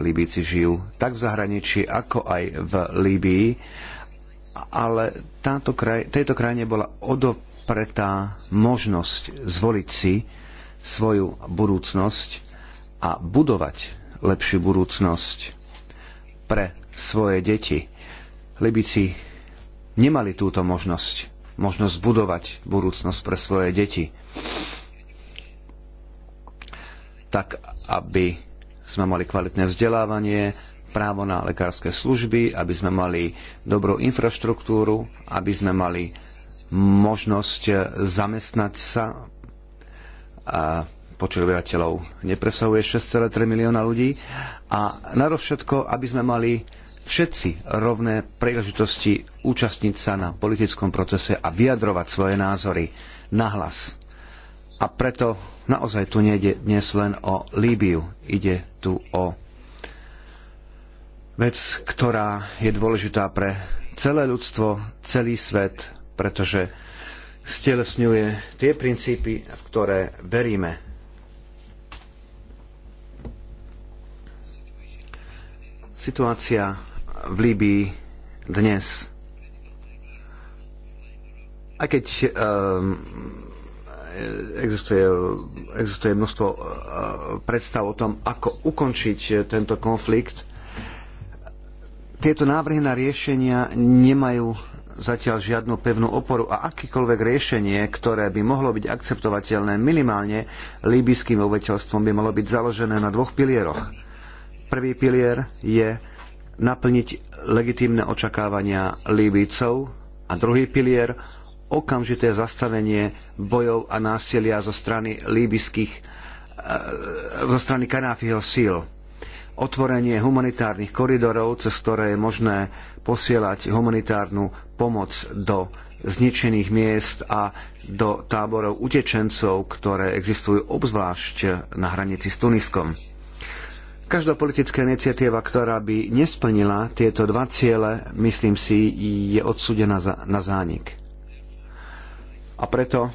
S2: Líbíci žijú tak v zahraničí, ako aj v Líbii, ale táto kraj, tejto krajine bola odopretá možnosť zvoliť si svoju budúcnosť a budovať lepšiu budúcnosť pre svoje deti. Libici nemali túto možnosť, možnosť budovať budúcnosť pre svoje deti tak aby sme mali kvalitné vzdelávanie, právo na lekárske služby, aby sme mali dobrú infraštruktúru, aby sme mali možnosť zamestnať sa a počet obyvateľov nepresahuje 6,3 milióna ľudí a narovšetko, aby sme mali všetci rovné príležitosti účastniť sa na politickom procese a vyjadrovať svoje názory nahlas. A preto naozaj tu nejde dnes len o Líbiu, ide tu o vec, ktorá je dôležitá pre celé ľudstvo, celý svet, pretože stelesňuje tie princípy, v ktoré veríme. Situácia v Líbii dnes, aj keď um, existuje, existuje množstvo e, predstav o tom, ako ukončiť e, tento konflikt. Tieto návrhy na riešenia nemajú zatiaľ žiadnu pevnú oporu a akýkoľvek riešenie, ktoré by mohlo byť akceptovateľné minimálne líbyským obyvateľstvom, by malo byť založené na dvoch pilieroch. Prvý pilier je naplniť legitímne očakávania Líbícov a druhý pilier okamžité zastavenie bojov a násilia zo strany líbyských, e, zo strany Kanáfiho síl. Otvorenie humanitárnych koridorov, cez ktoré je možné posielať humanitárnu pomoc do zničených miest a do táborov utečencov, ktoré existujú obzvlášť na hranici s Tuniskom. Každá politická iniciatíva, ktorá by nesplnila tieto dva ciele, myslím si, je odsudená na zánik. A preto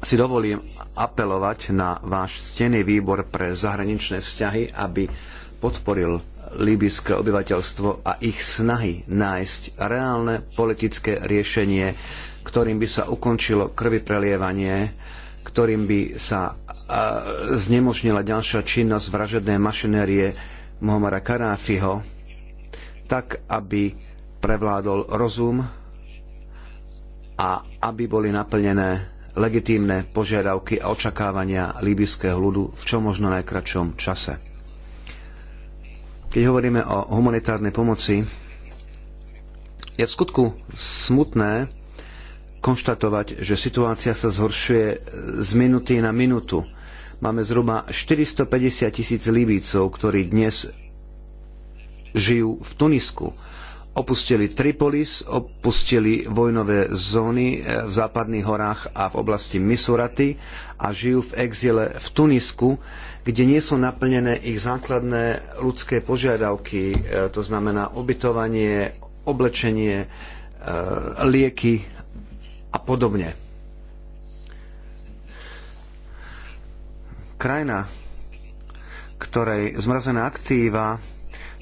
S2: si dovolím apelovať na váš stený výbor pre zahraničné vzťahy, aby podporil líbyské obyvateľstvo a ich snahy nájsť reálne politické riešenie, ktorým by sa ukončilo krviprelievanie, ktorým by sa znemožnila ďalšia činnosť vražedné mašinérie Muhammara Karáfiho, tak aby prevládol rozum a aby boli naplnené legitímne požiadavky a očakávania líbyského ľudu v čo možno najkračom čase. Keď hovoríme o humanitárnej pomoci, je v skutku smutné konštatovať, že situácia sa zhoršuje z minuty na minútu. Máme zhruba 450 tisíc Líbícov, ktorí dnes žijú v Tunisku opustili Tripolis, opustili vojnové zóny eh, v západných horách a v oblasti Misuraty a žijú v exile v Tunisku, kde nie sú naplnené ich základné ľudské požiadavky, eh, to znamená ubytovanie, oblečenie, eh, lieky a podobne. Krajina, ktorej zmrazené aktíva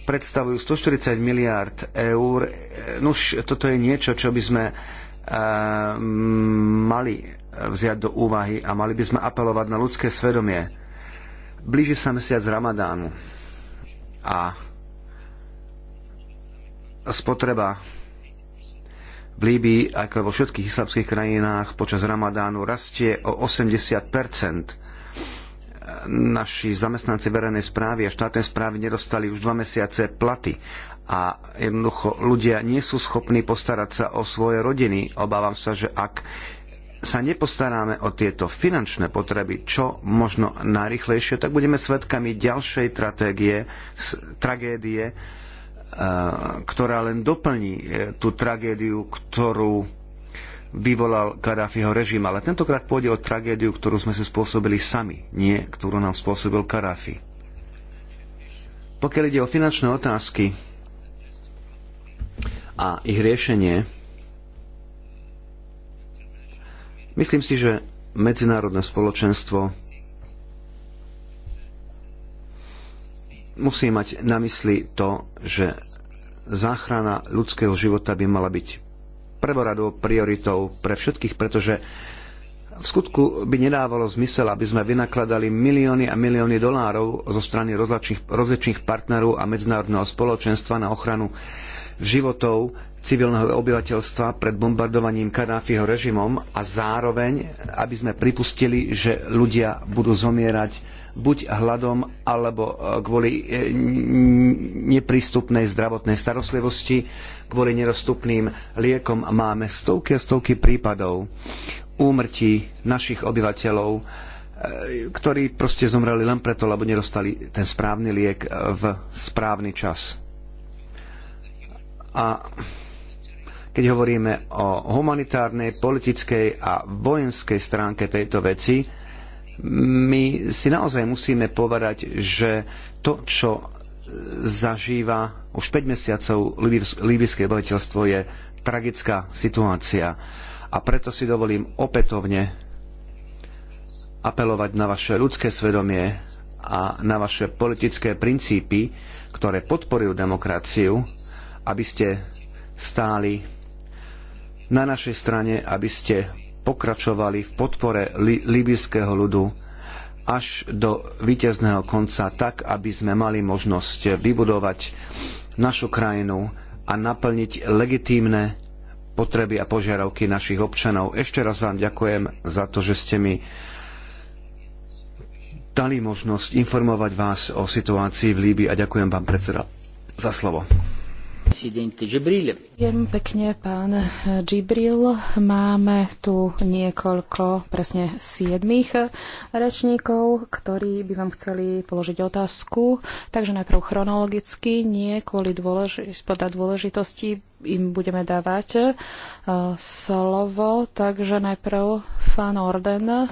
S2: predstavujú 140 miliárd eur. E, nuž, toto je niečo, čo by sme e, mali vziať do úvahy a mali by sme apelovať na ľudské svedomie. Blíži sa mesiac Ramadánu a spotreba v Líbii, ako vo všetkých islamských krajinách, počas Ramadánu rastie o 80 naši zamestnanci verejnej správy a štátnej správy nedostali už dva mesiace platy a jednoducho ľudia nie sú schopní postarať sa o svoje rodiny. Obávam sa, že ak sa nepostaráme o tieto finančné potreby čo možno najrychlejšie, tak budeme svedkami ďalšej tragédie, tragédie, eh, ktorá len doplní eh, tú tragédiu, ktorú vyvolal Kadáfiho režim, ale tentokrát pôjde o tragédiu, ktorú sme si spôsobili sami, nie ktorú nám spôsobil Kadáfi. Pokiaľ ide o finančné otázky a ich riešenie, myslím si, že medzinárodné spoločenstvo musí mať na mysli to, že záchrana ľudského života by mala byť prvoradou prioritou pre všetkých, pretože v skutku by nedávalo zmysel, aby sme vynakladali milióny a milióny dolárov zo strany rozličných, partnerov a medzinárodného spoločenstva na ochranu životov civilného obyvateľstva pred bombardovaním Kadáfiho režimom a zároveň, aby sme pripustili, že ľudia budú zomierať buď hladom alebo e, kvôli e, neprístupnej zdravotnej starostlivosti, kvôli nerostupným liekom máme stovky a stovky prípadov úmrtí našich obyvateľov, e, ktorí proste zomreli len preto, lebo nedostali ten správny liek v správny čas. A keď hovoríme o humanitárnej, politickej a vojenskej stránke tejto veci, my si naozaj musíme povedať, že to, čo zažíva už 5 mesiacov líbyské obyvateľstvo, je tragická situácia. A preto si dovolím opätovne apelovať na vaše ľudské svedomie a na vaše politické princípy, ktoré podporujú demokraciu aby ste stáli na našej strane, aby ste pokračovali v podpore li- líbyjského ľudu až do víťazného konca, tak aby sme mali možnosť vybudovať našu krajinu a naplniť legitímne potreby a požiadavky našich občanov. Ešte raz vám ďakujem za to, že ste mi dali možnosť informovať vás o situácii v Líbii a ďakujem vám predseda za slovo. Ďakujem
S3: pekne, pán Džibril. Máme tu niekoľko, presne siedmých rečníkov, ktorí by vám chceli položiť otázku. Takže najprv chronologicky, nie kvôli dôleži- podľa dôležitosti im budeme dávať uh, slovo. Takže najprv Fan Orden,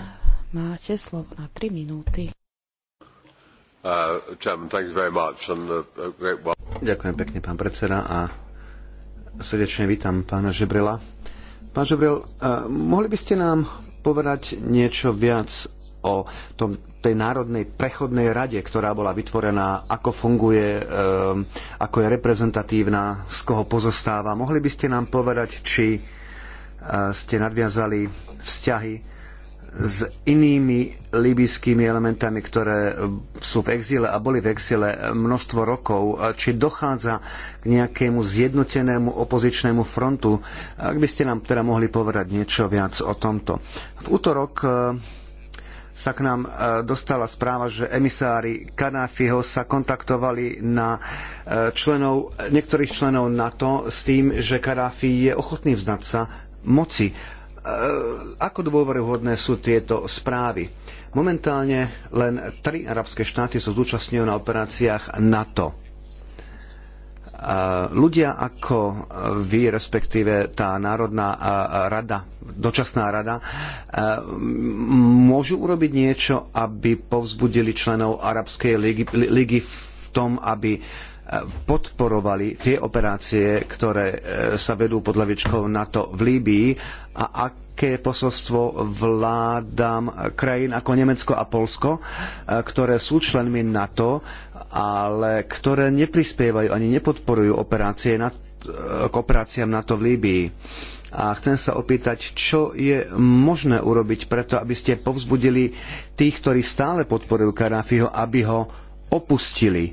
S3: máte slovo na 3 minúty.
S2: Uh, Ďakujem pekne, pán predseda, a srdečne vítam pána Žebrela. Pán Žebrel, uh, mohli by ste nám povedať niečo viac o tom, tej Národnej prechodnej rade, ktorá bola vytvorená, ako funguje, um, ako je reprezentatívna, z koho pozostáva. Mohli by ste nám povedať, či uh, ste nadviazali vzťahy s inými libyskými elementami, ktoré sú v exíle a boli v exíle množstvo rokov, či dochádza k nejakému zjednotenému opozičnému frontu. Ak by ste nám teda mohli povedať niečo viac o tomto. V útorok e, sa k nám e, dostala správa, že emisári Kadáfiho sa kontaktovali na e, členov, niektorých členov NATO s tým, že Kadáfi je ochotný vzdať sa moci Eh, ako dôveryhodné sú tieto správy? Momentálne len tri arabské štáty sa zúčastňujú na operáciách NATO. Eh, ľudia ako vy, respektíve tá Národná eh, rada, dočasná rada, môžu urobiť niečo, aby povzbudili členov Arabskej ligy, ligy v tom, aby podporovali tie operácie, ktoré e, sa vedú pod levičkou NATO v Líbii a aké posolstvo vládam krajín ako Nemecko a Polsko, e, ktoré sú členmi NATO, ale ktoré neprispievajú ani nepodporujú operácie e, k operáciám NATO v Líbii a chcem sa opýtať, čo je možné urobiť preto, aby ste povzbudili tých, ktorí stále podporujú Karáfiho, aby ho opustili. E,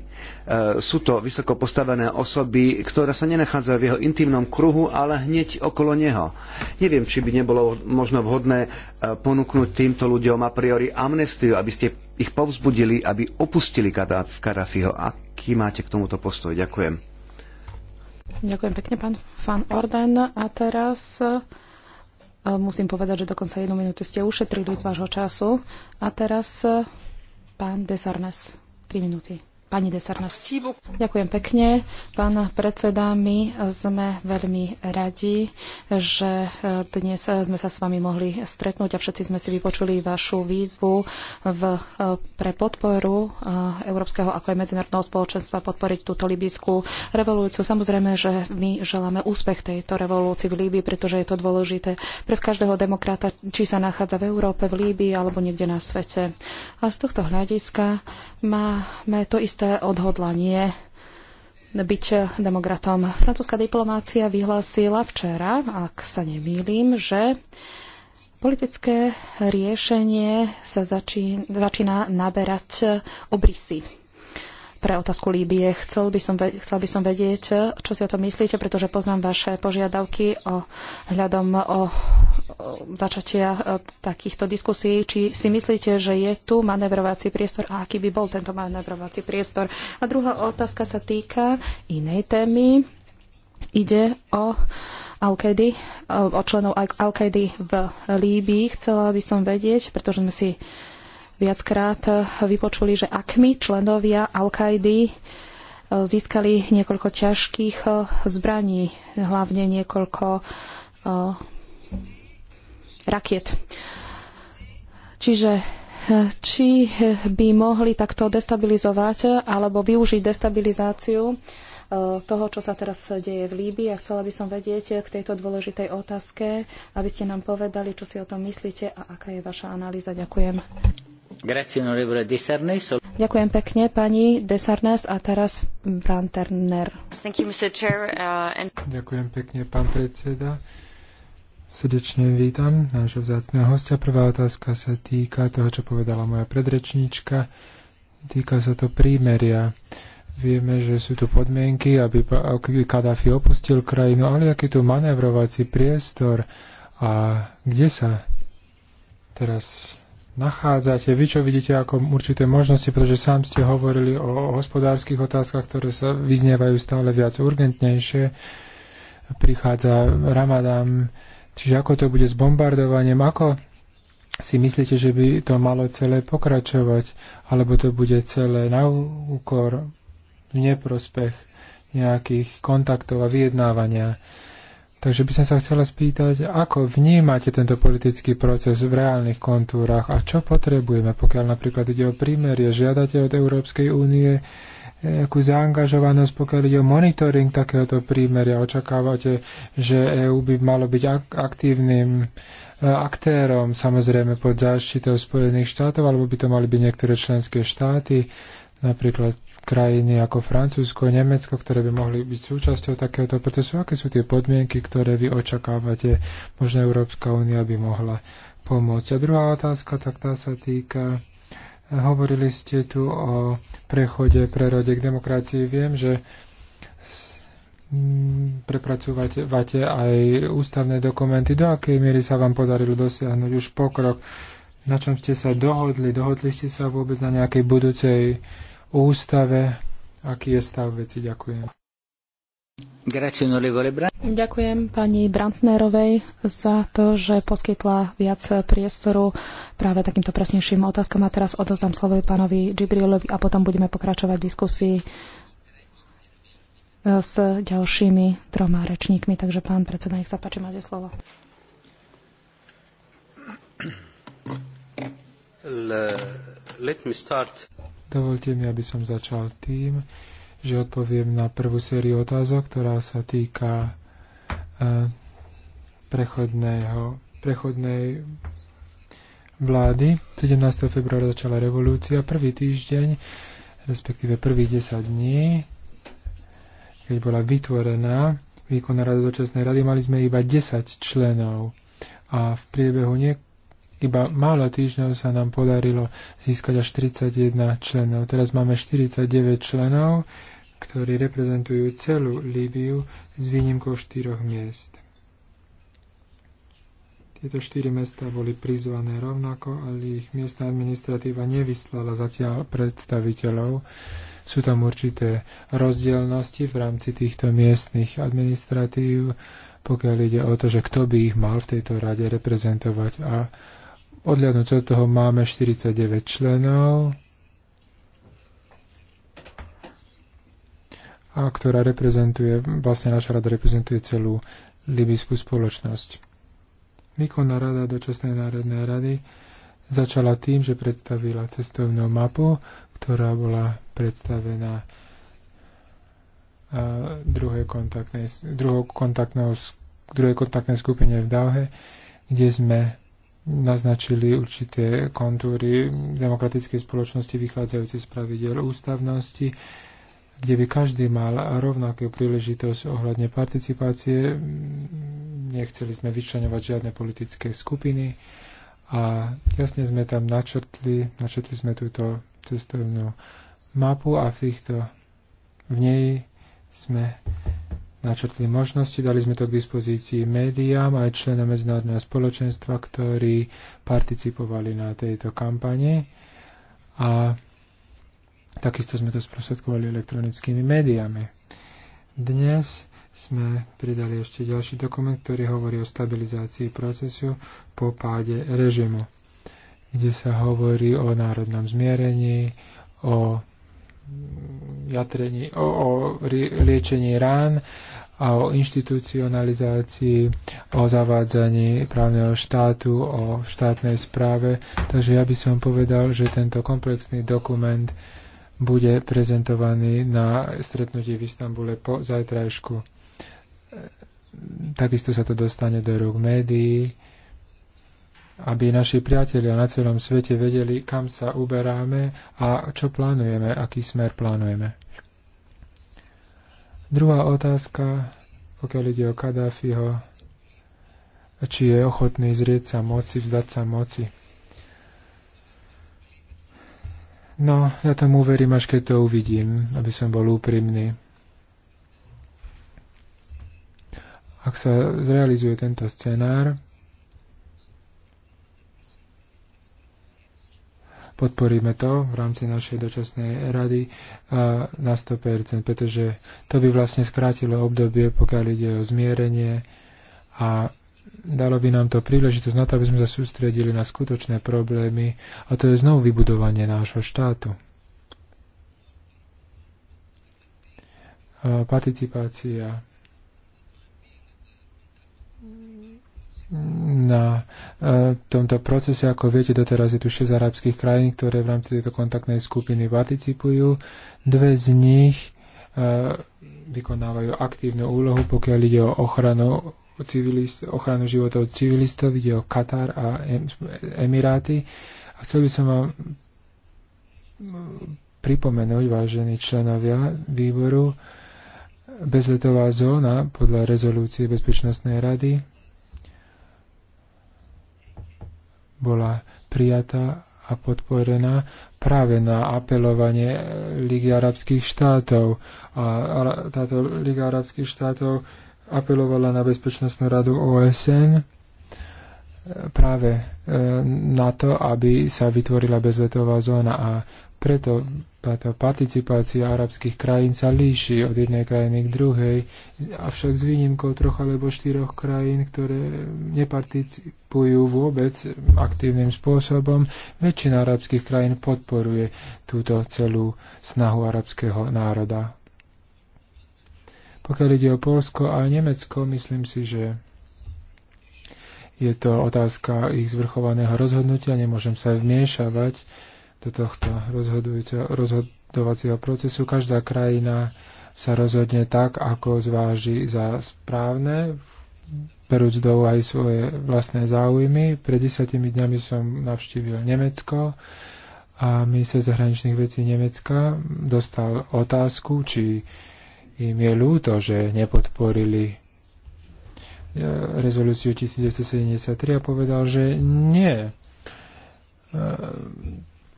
S2: sú to vysoko postavené osoby, ktoré sa nenachádzajú v jeho intimnom kruhu, ale hneď okolo neho. Neviem, či by nebolo možno vhodné e, ponúknuť týmto ľuďom a priori amnestiu, aby ste ich povzbudili, aby opustili Kadafiho. Aký máte k tomuto postoj? Ďakujem.
S3: Ďakujem pekne, pán Van Orden. A teraz e, musím povedať, že dokonca jednu minútu ste ušetrili z vášho času. A teraz pán Desarnes. 3 minúty. Pani Desarna. Ďakujem pekne. Pán predseda, my sme veľmi radi, že eh, dnes eh, sme sa s vami mohli stretnúť a všetci sme si vypočuli vašu výzvu v, eh, pre podporu Európskeho ako aj medzinárodného spoločenstva podporiť túto libijskú revolúciu. Samozrejme, že my želáme úspech tejto revolúcii v Líbii, pretože je to dôležité pre každého demokrata, či sa nachádza v Európe, v Líbii alebo niekde na svete. A z tohto hľadiska Máme to isté odhodlanie byť demokratom. Francúzska diplomácia vyhlásila včera, ak sa nemýlim, že politické riešenie sa začína, začína naberať obrysy pre otázku Líbie. Chcel by, som, chcel by som vedieť, čo si o tom myslíte, pretože poznám vaše požiadavky o hľadom o E, začatia e, takýchto diskusí, či si myslíte, že je tu manevrovací priestor a aký by bol tento manevrovací priestor. A druhá otázka sa týka inej témy. Ide o Al-Qaidi, e, o členov Al-Qaidi v Líbii. Chcela by som vedieť, pretože sme si viackrát vypočuli, že ak my, členovia Al-Qaidi, získali niekoľko ťažkých zbraní, hlavne niekoľko rakiet. Čiže eh, či eh, by mohli takto destabilizovať eh, alebo využiť destabilizáciu toho, čo sa teraz deje v Líbii a chcela by som vedieť k tejto dôležitej otázke, aby ste nám povedali, čo si o tom myslíte a aká je vaša analýza. Ďakujem. Ďakujem pekne, pani Desarnes a teraz Branterner. Uh,
S1: Ďakujem pekne, pán predseda. Srdečne vítam nášho vzácného hostia. Prvá otázka sa týka toho, čo povedala moja predrečníčka. Týka sa to prímeria. Vieme, že sú tu podmienky, aby Kadáfi opustil krajinu, ale aký tu manevrovací priestor a kde sa teraz nachádzate, vy čo vidíte ako určité možnosti, pretože sám ste hovorili o hospodárskych otázkach, ktoré sa vyznievajú stále viac urgentnejšie. Prichádza Ramadán, Čiže ako to bude s bombardovaním, ako si myslíte, že by to malo celé pokračovať, alebo to bude celé na úkor, v neprospech nejakých kontaktov a vyjednávania. Takže by som sa chcela spýtať, ako vnímate tento politický proces v reálnych kontúrach a čo potrebujeme, pokiaľ napríklad ide o prímerie, žiadate od Európskej únie nejakú zaangažovanosť, pokiaľ ide o monitoring takéhoto prímeria? Očakávate, že EÚ by malo byť ak- aktívnym e, aktérom, samozrejme pod záštitou Spojených štátov, alebo by to mali byť niektoré členské štáty, napríklad krajiny ako Francúzsko, Nemecko, ktoré by mohli byť súčasťou takéhoto procesu. Aké sú tie podmienky, ktoré vy očakávate? Možno Európska únia by mohla pomôcť. A druhá otázka, tak tá sa týka Hovorili ste tu o prechode, prerode k demokracii. Viem, že prepracúvate aj ústavné dokumenty. Do akej miery sa vám podarilo dosiahnuť už pokrok? Na čom ste sa dohodli? Dohodli ste sa vôbec na nejakej budúcej ústave? Aký je stav veci? Ďakujem.
S3: Ďakujem pani Brantnerovej za to, že poskytla viac priestoru práve takýmto presnejším otázkam. A teraz odozdám slovo pánovi Džibrilovi a potom budeme pokračovať v diskusii s ďalšími troma rečníkmi. Takže pán predseda, nech sa páči, máte slovo. Dovolte mi, aby
S1: som začal tým, že odpoviem na prvú sériu otázok, ktorá sa týka e, prechodného, prechodnej vlády. 17. februára začala revolúcia. Prvý týždeň, respektíve prvých 10 dní, keď bola vytvorená výkonná rada dočasnej rady, mali sme iba 10 členov a v priebehu nie, iba málo týždňov sa nám podarilo získať až 31 členov. Teraz máme 49 členov ktorí reprezentujú celú Líbiu s výnimkou štyroch miest. Tieto štyri mesta boli prizvané rovnako, ale ich miestna administratíva nevyslala zatiaľ predstaviteľov. Sú tam určité rozdielnosti v rámci týchto miestnych administratív, pokiaľ ide o to, že kto by ich mal v tejto rade reprezentovať. A odhľadnúť od toho máme 49 členov, a ktorá reprezentuje, vlastne naša rada reprezentuje celú libyskú spoločnosť. Výkonná rada dočasnej národnej rady začala tým, že predstavila cestovnú mapu, ktorá bola predstavená druhej kontaktnej, druhej kontaktnej skupine v Dauhe, kde sme naznačili určité kontúry demokratickej spoločnosti vychádzajúce z pravidel ústavnosti, kde by každý mal rovnakú príležitosť ohľadne participácie. Nechceli sme vyčlenovať žiadne politické skupiny a jasne sme tam načrtli, načrtli sme túto cestovnú mapu a v týchto v nej sme načrtli možnosti, dali sme to k dispozícii médiám aj členom medzinárodného spoločenstva, ktorí participovali na tejto kampani a Takisto sme to sprostredkovali elektronickými médiami. Dnes sme pridali ešte ďalší dokument, ktorý hovorí o stabilizácii procesu po páde režimu, kde sa hovorí o národnom zmierení, o jatrení, o, o liečení rán a o inštitucionalizácii, o zavádzaní právneho štátu, o štátnej správe. Takže ja by som povedal, že tento komplexný dokument bude prezentovaný na stretnutí v Istambule po zajtrajšku. Takisto sa to dostane do rúk médií, aby naši priatelia na celom svete vedeli, kam sa uberáme a čo plánujeme, aký smer plánujeme. Druhá otázka, pokiaľ ide o Kadáfiho, či je ochotný zrieť sa moci, vzdať sa moci. No, ja tomu uverím, až keď to uvidím, aby som bol úprimný. Ak sa zrealizuje tento scenár, podporíme to v rámci našej dočasnej rady na 100%, pretože to by vlastne skrátilo obdobie, pokiaľ ide o zmierenie a dalo by nám to príležitosť na to, aby sme sa sústredili na skutočné problémy a to je znovu vybudovanie nášho štátu. Participácia na e, tomto procese. Ako viete, doteraz je tu 6 arabských krajín, ktoré v rámci tejto kontaktnej skupiny participujú. Dve z nich e, vykonávajú aktívnu úlohu, pokiaľ ide o ochranu civilist, ochranu životov civilistov, ide o Katar a Emiráty. A chcel by som vám pripomenúť, vážení členovia výboru, bezletová zóna podľa rezolúcie Bezpečnostnej rady bola prijatá a podporená práve na apelovanie Ligy arabských štátov. A táto Liga arabských štátov apelovala na Bezpečnostnú radu OSN e, práve e, na to, aby sa vytvorila bezvetová zóna a preto táto participácia arabských krajín sa líši od jednej krajiny k druhej, avšak s výnimkou troch alebo štyroch krajín, ktoré neparticipujú vôbec aktívnym spôsobom, väčšina arabských krajín podporuje túto celú snahu arabského národa pokiaľ ide o Polsko a Nemecko, myslím si, že je to otázka ich zvrchovaného rozhodnutia, nemôžem sa vmiešavať do tohto rozhodovacieho procesu. Každá krajina sa rozhodne tak, ako zváži za správne, berúc do aj svoje vlastné záujmy. Pred desiatimi dňami som navštívil Nemecko a minister zahraničných vecí Nemecka dostal otázku, či im je ľúto, že nepodporili e, rezolúciu 1973 a povedal, že nie. E,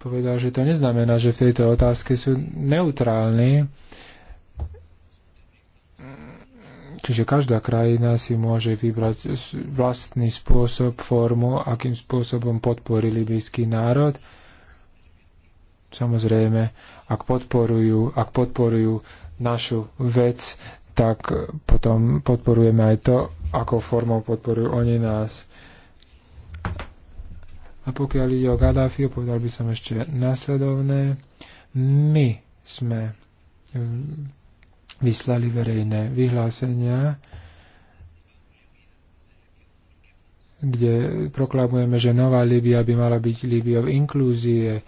S1: povedal, že to neznamená, že v tejto otázke sú neutrálni. Čiže každá krajina si môže vybrať vlastný spôsob, formu, akým spôsobom podporí libýsky národ. Samozrejme, ak podporujú, ak podporujú našu vec, tak potom podporujeme aj to, ako formou podporujú oni nás. A pokiaľ ide o Gaddafiu, povedal by som ešte nasledovné. My sme mm, vyslali verejné vyhlásenia, kde proklamujeme, že nová Libia by mala byť Líbiou inklúzie,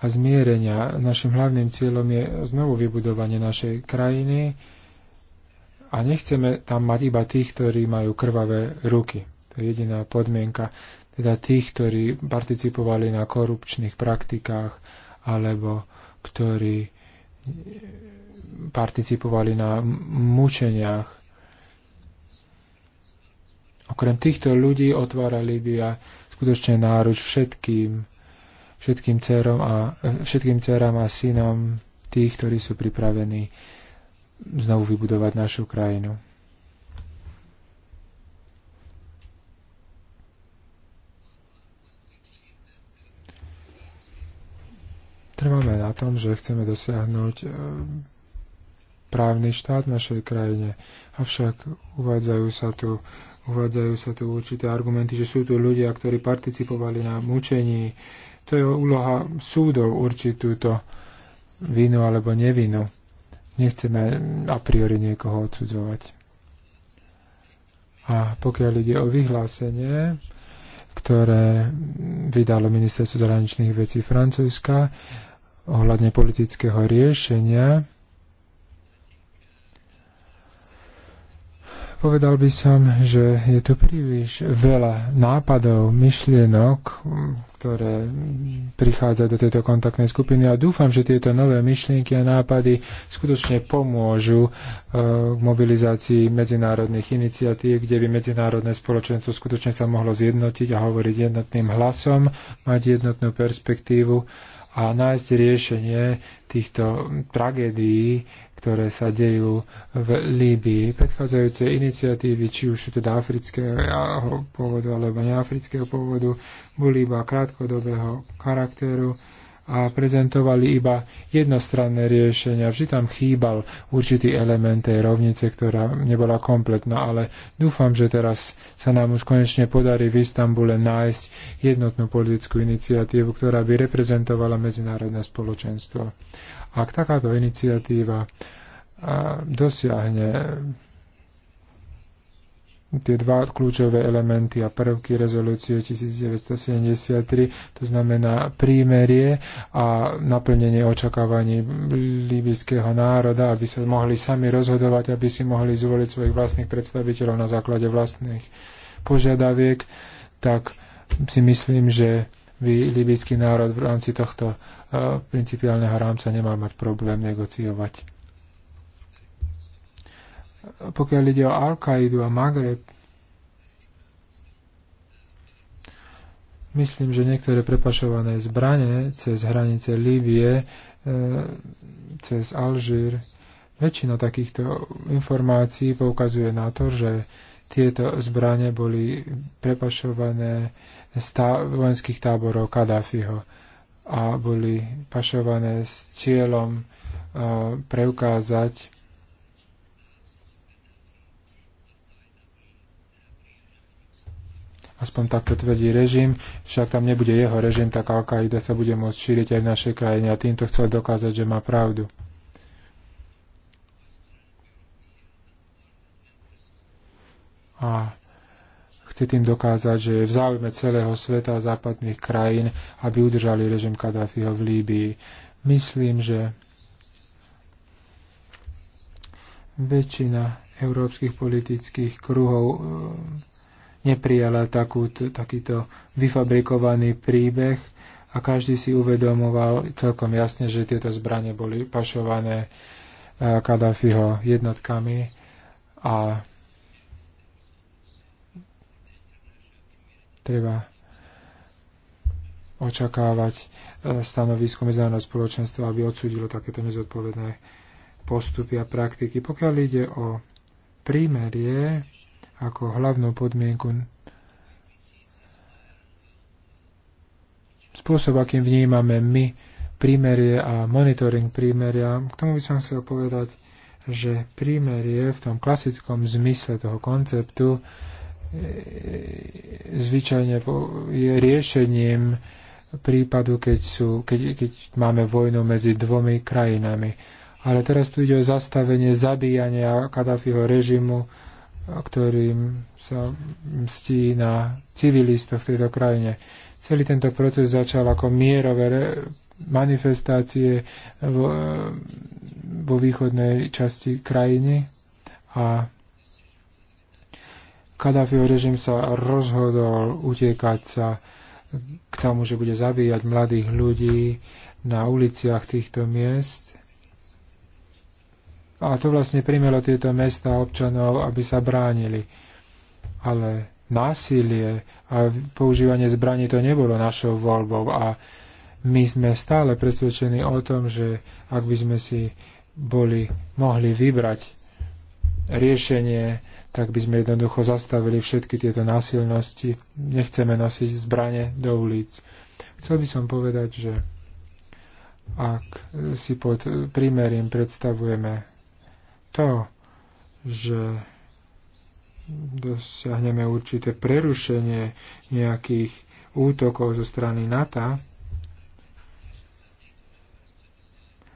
S1: a zmierenia. Našim hlavným cieľom je znovu vybudovanie našej krajiny a nechceme tam mať iba tých, ktorí majú krvavé ruky. To je jediná podmienka. Teda tých, ktorí participovali na korupčných praktikách alebo ktorí participovali na mučeniach. Okrem týchto ľudí otvárali by a skutočne náruč všetkým, všetkým dcerám a, všetkým dcerám a synom tých, ktorí sú pripravení znovu vybudovať našu krajinu. Trváme na tom, že chceme dosiahnuť e, právny štát v našej krajine. Avšak uvádzajú sa tu uvádzajú sa tu určité argumenty, že sú tu ľudia, ktorí participovali na mučení, to je úloha súdov určiť túto vinu alebo nevinu. Nechceme a priori niekoho odsudzovať. A pokiaľ ide o vyhlásenie, ktoré vydalo Ministerstvo zahraničných vecí Francúzska ohľadne politického riešenia Povedal by som, že je tu príliš veľa nápadov, myšlienok, ktoré prichádzajú do tejto kontaktnej skupiny a dúfam, že tieto nové myšlienky a nápady skutočne pomôžu e, k mobilizácii medzinárodných iniciatív, kde by medzinárodné spoločenstvo skutočne sa mohlo zjednotiť a hovoriť jednotným hlasom, mať jednotnú perspektívu a nájsť riešenie týchto tragédií, ktoré sa dejú v Líbii. Predchádzajúce iniciatívy, či už sú teda afrického pôvodu alebo neafrického pôvodu, boli iba krátkodobého charakteru a prezentovali iba jednostranné riešenia. Vždy tam chýbal určitý element tej rovnice, ktorá nebola kompletná, ale dúfam, že teraz sa nám už konečne podarí v Istambule nájsť jednotnú politickú iniciatívu, ktorá by reprezentovala medzinárodné spoločenstvo. Ak takáto iniciatíva dosiahne tie dva kľúčové elementy a prvky rezolúcie 1973, to znamená prímerie a naplnenie očakávaní líbyského národa, aby sa mohli sami rozhodovať, aby si mohli zvoliť svojich vlastných predstaviteľov na základe vlastných požiadaviek, tak si myslím, že by libijský národ v rámci tohto e, principiálneho rámca nemal mať problém negociovať. Pokiaľ ide o Al-Qaidu a Magreb, myslím, že niektoré prepašované zbranie cez hranice Líbie, e, cez Alžír, väčšina takýchto informácií poukazuje na to, že tieto zbranie boli prepašované z tá, vojenských táborov Kadáfiho a boli pašované s cieľom uh, preukázať aspoň takto tvrdí režim, však tam nebude jeho režim, tak Al-Qaida sa bude môcť šíriť aj v našej krajine a týmto chcel dokázať, že má pravdu. a chce tým dokázať, že je v záujme celého sveta a západných krajín, aby udržali režim Kadáfiho v Líbii. Myslím, že väčšina európskych politických kruhov e, neprijala takú, takýto vyfabrikovaný príbeh a každý si uvedomoval celkom jasne, že tieto zbranie boli pašované e, Kadáfiho jednotkami a treba očakávať e, stanovisko medzinárodného spoločenstva, aby odsúdilo takéto nezodpovedné postupy a praktiky. Pokiaľ ide o prímerie ako hlavnú podmienku spôsob, akým vnímame my prímerie a monitoring prímeria, k tomu by som chcel povedať, že prímerie v tom klasickom zmysle toho konceptu zvyčajne je riešením prípadu, keď, sú, keď, keď máme vojnu medzi dvomi krajinami. Ale teraz tu ide o zastavenie zabíjania Kadáfiho režimu, ktorým sa mstí na civilistov v tejto krajine. Celý tento proces začal ako mierové manifestácie vo, vo východnej časti krajiny a Kadáfiho režim sa rozhodol utiekať sa k tomu, že bude zabíjať mladých ľudí na uliciach týchto miest. A to vlastne primelo tieto mesta občanov, aby sa bránili. Ale násilie a používanie zbraní to nebolo našou voľbou a my sme stále presvedčení o tom, že ak by sme si boli mohli vybrať riešenie tak by sme jednoducho zastavili všetky tieto násilnosti. Nechceme nosiť zbranie do ulic. Chcel by som povedať, že ak si pod primerím predstavujeme to, že dosiahneme určité prerušenie nejakých útokov zo strany NATO,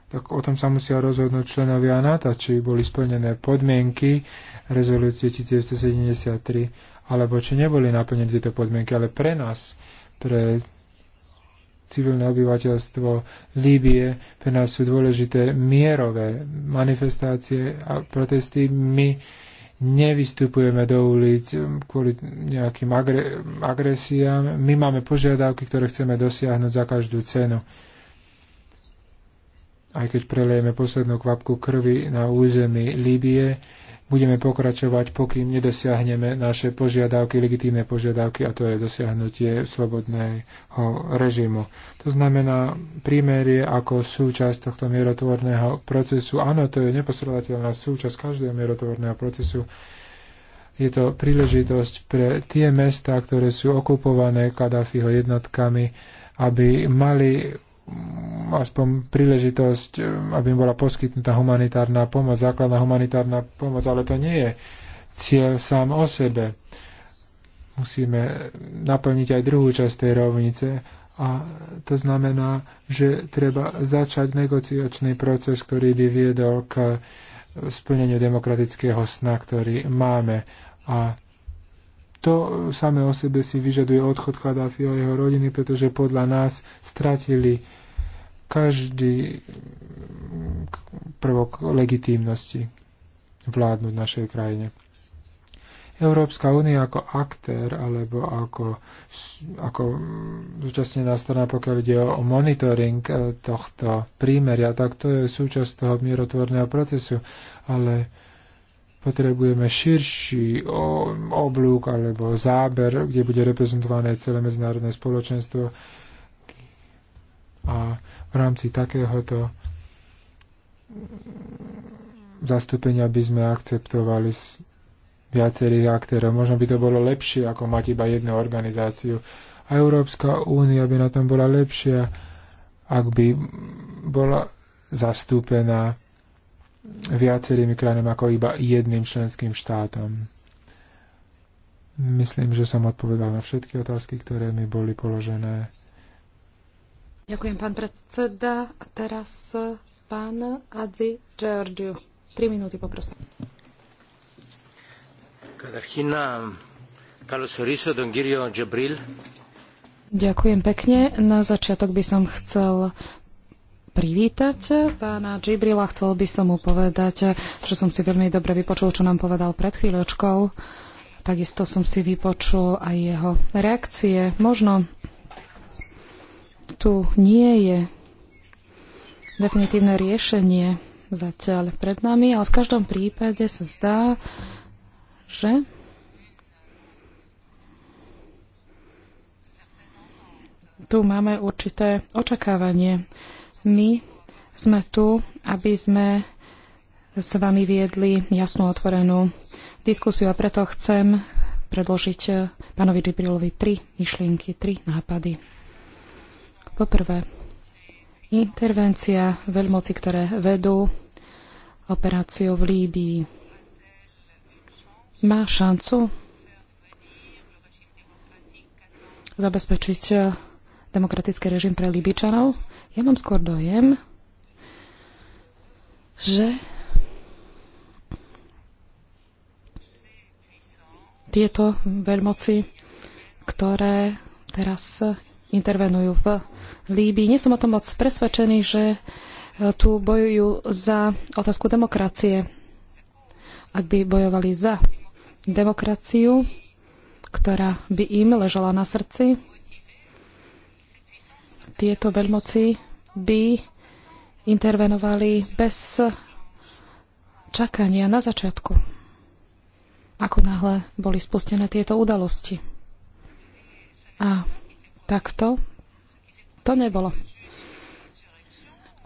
S1: tak o tom sa musia rozhodnúť členovia NATO, či boli splnené podmienky rezolúcie 1973, alebo či neboli naplnené tieto podmienky. Ale pre nás, pre civilné obyvateľstvo Líbie, pre nás sú dôležité mierové manifestácie a protesty. My nevystupujeme do ulic kvôli nejakým agre- agresiám. My máme požiadavky, ktoré chceme dosiahnuť za každú cenu aj keď prelejeme poslednú kvapku krvi na území Líbie, budeme pokračovať, pokým nedosiahneme naše požiadavky, legitímne požiadavky, a to je dosiahnutie slobodného režimu. To znamená prímerie ako súčasť tohto mierotvorného procesu. Áno, to je neposredateľná súčasť každého mierotvorného procesu. Je to príležitosť pre tie mesta, ktoré sú okupované Kadáfiho jednotkami, aby mali aspoň príležitosť, eh, aby im bola poskytnutá humanitárna pomoc, základná humanitárna pomoc, ale to nie je cieľ sám o sebe. Musíme naplniť aj druhú časť tej rovnice a to znamená, že treba začať negociačný proces, ktorý by viedol k splneniu demokratického sna, ktorý máme. A to samé o sebe si vyžaduje odchod Kadáfiho a jeho rodiny, pretože podľa nás stratili každý prvok legitímnosti vládnuť našej krajine. Európska únia ako aktér alebo ako, ako zúčastnená strana, pokiaľ ide o monitoring eh, tohto prímeria, tak to je súčasť toho mierotvorného procesu, ale potrebujeme širší oblúk alebo záber, kde bude reprezentované celé medzinárodné spoločenstvo a v rámci takéhoto zastúpenia by sme akceptovali viacerých aktérov. Možno by to bolo lepšie, ako mať iba jednu organizáciu. A Európska únia by na tom bola lepšia, ak by bola zastúpená viacerými krajinami ako iba jedným členským štátom. Myslím, že som odpovedal na všetky otázky, ktoré mi boli položené.
S3: Ďakujem, pán predseda. A teraz pán Adzi Georgiu. Tri minúty, poprosím. Ďakujem pekne. Na začiatok by som chcel privítať pána Džibrila. Chcel by som mu povedať, že som si veľmi dobre vypočul, čo nám povedal pred chvíľočkou. Takisto som si vypočul aj jeho reakcie. Možno tu nie je definitívne riešenie zatiaľ pred nami, ale v každom prípade sa zdá, že tu máme určité očakávanie. My sme tu, aby sme s vami viedli jasnú otvorenú diskusiu a preto chcem predložiť pánovi Džibrilovi tri myšlienky, tri nápady. Poprvé, intervencia veľmoci, ktoré vedú operáciu v Líbii, má šancu zabezpečiť demokratický režim pre Líbičanov. Ja mám skôr dojem, že tieto veľmoci, ktoré teraz intervenujú v Líbii. Nie som o tom moc presvedčený, že e, tu bojujú za otázku demokracie. Ak by bojovali za demokraciu, ktorá by im ležala na srdci, tieto veľmoci by intervenovali bez čakania na začiatku, ako náhle boli spustené tieto udalosti. A takto to nebolo.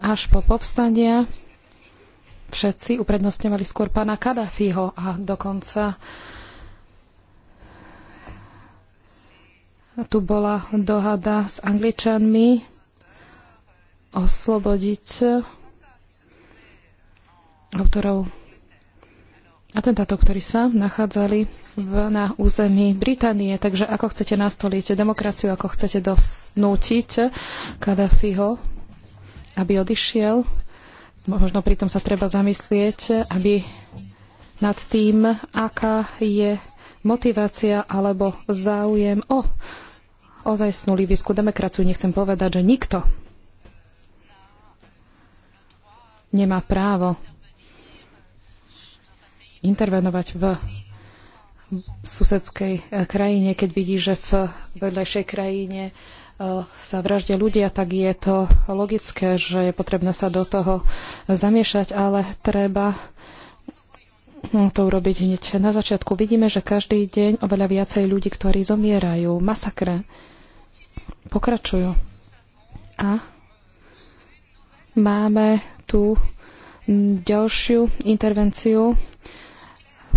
S3: Až po povstania všetci uprednostňovali skôr pána Kadafiho a dokonca tu bola dohada s Angličanmi oslobodiť autorov atentátov, ktorí sa nachádzali v, na území Británie. Takže ako chcete nastoliť demokraciu, ako chcete dosnútiť Kadafiho, aby odišiel, možno pritom sa treba zamyslieť, aby nad tým, aká je motivácia alebo záujem o ozajstnú líbyskú demokraciu. Nechcem povedať, že nikto nemá právo intervenovať v susedskej eh, krajine, keď vidí, že v vedľajšej krajine eh, sa vraždia ľudia, tak je to logické, že je potrebné sa do toho zamiešať, ale treba hm, to urobiť hneď na začiatku. Vidíme, že každý deň oveľa viacej ľudí, ktorí zomierajú, masakre, pokračujú. A máme tu hm, ďalšiu intervenciu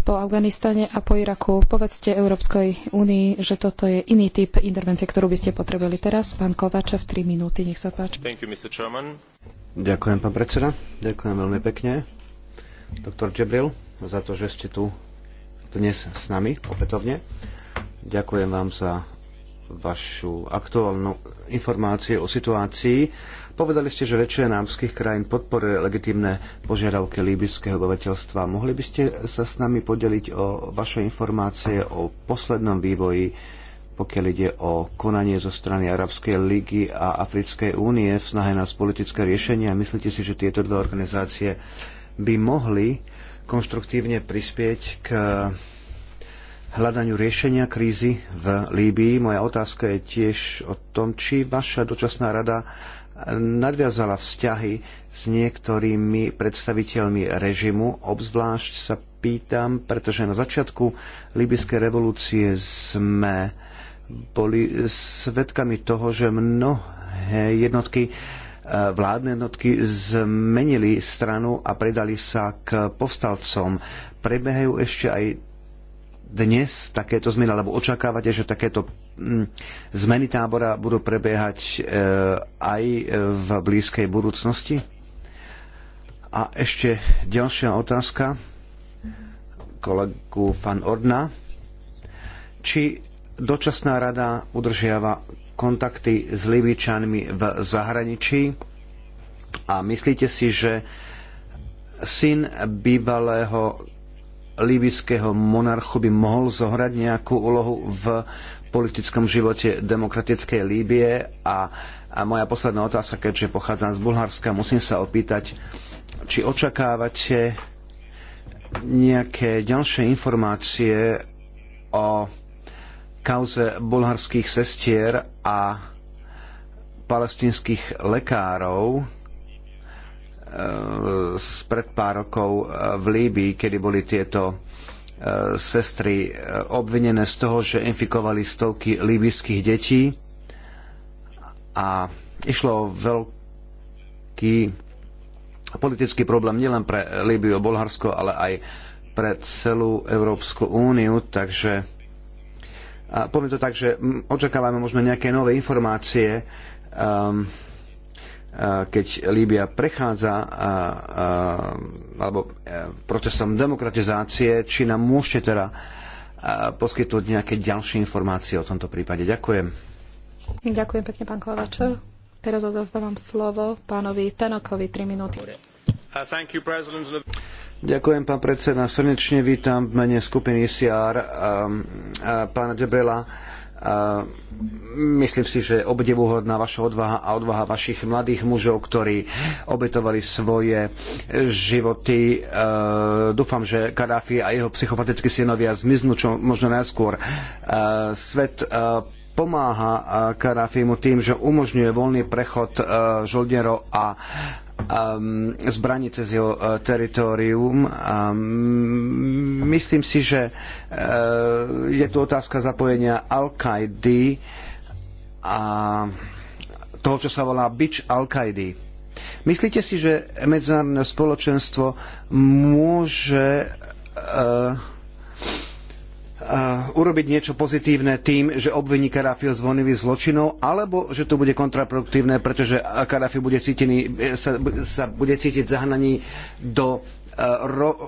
S3: po Afganistane a po Iraku. Povedzte Európskej únii, že toto je iný typ intervencie, ktorú by ste potrebovali teraz. Pán Kovačev, 3 minúty, nech sa páči.
S2: You, Ďakujem, pán predseda. Ďakujem veľmi pekne, doktor Džebril, za to, že ste tu dnes s nami opätovne. Ďakujem vám za vašu aktuálnu informáciu o situácii Povedali ste, že väčšina námských krajín podporuje legitímne požiadavky líbyského obyvateľstva. Mohli by ste sa s nami podeliť o vaše informácie o poslednom vývoji, pokiaľ ide o konanie zo strany Arabskej ligy a Africkej únie v snahe nás politické riešenia? Myslíte si, že tieto dve organizácie by mohli konštruktívne prispieť k hľadaniu riešenia krízy v Líbii. Moja otázka je tiež o tom, či vaša dočasná rada nadviazala vzťahy s niektorými predstaviteľmi režimu. Obzvlášť sa pýtam, pretože na začiatku Libyskej revolúcie sme boli svedkami toho, že mnohé jednotky e, vládne jednotky zmenili stranu a predali sa k povstalcom. Prebehajú ešte aj dnes takéto zmeny, alebo očakávate, že takéto zmeny tábora budú prebiehať e, aj v blízkej budúcnosti? A ešte ďalšia otázka kolegu Van Ordna. Či dočasná rada udržiava kontakty s Libičanmi v zahraničí a myslíte si, že syn bývalého líbyského monarchu by mohol zohrať nejakú úlohu v politickom živote demokratickej Líbie a, a moja posledná otázka, keďže pochádzam z Bulharska, musím sa opýtať, či očakávate nejaké ďalšie informácie o kauze bulharských sestier a palestinských lekárov spred e, pár rokov e, v Líbii, kedy boli tieto E, sestry e, obvinené z toho, že infikovali stovky líbyských detí a išlo o veľký politický problém nielen pre Líbiu a Bulharsko, ale aj pre celú Európsku úniu, takže a poviem to tak, že očakávame možno nejaké nové informácie um, keď Líbia prechádza alebo e, procesom demokratizácie, či nám môžete teda e, poskytnúť nejaké ďalšie informácie o tomto prípade. Ďakujem.
S3: Ďakujem pekne, pán Kovačev. Teraz odovzdávam slovo pánovi Tanokovi, 3 minúty.
S2: Uh, Ďakujem, pán predseda. Srdečne vítam v mene skupiny ICR um, pána Debrela myslím si, že obdivuhodná vaša odvaha a odvaha vašich mladých mužov, ktorí obetovali svoje životy. E, dúfam, že Kadáfi a jeho psychopatickí synovia zmiznú čo možno najskôr. E, svet e, pomáha Kadáfimu tým, že umožňuje voľný prechod žoldnerov a Um, zbraní cez jeho uh, teritórium. A um, myslím si, že uh, je tu otázka zapojenia Al-Kaidy a toho, čo sa volá bič Al-Kaidy. Myslíte si, že medzinárodné spoločenstvo môže uh, Uh, urobiť niečo pozitívne tým, že obviní Karafio z vojnových zločinov, alebo že to bude kontraproduktívne, pretože Kadáfi bude cítený, eh, sa, sa, bude cítiť zahnaný do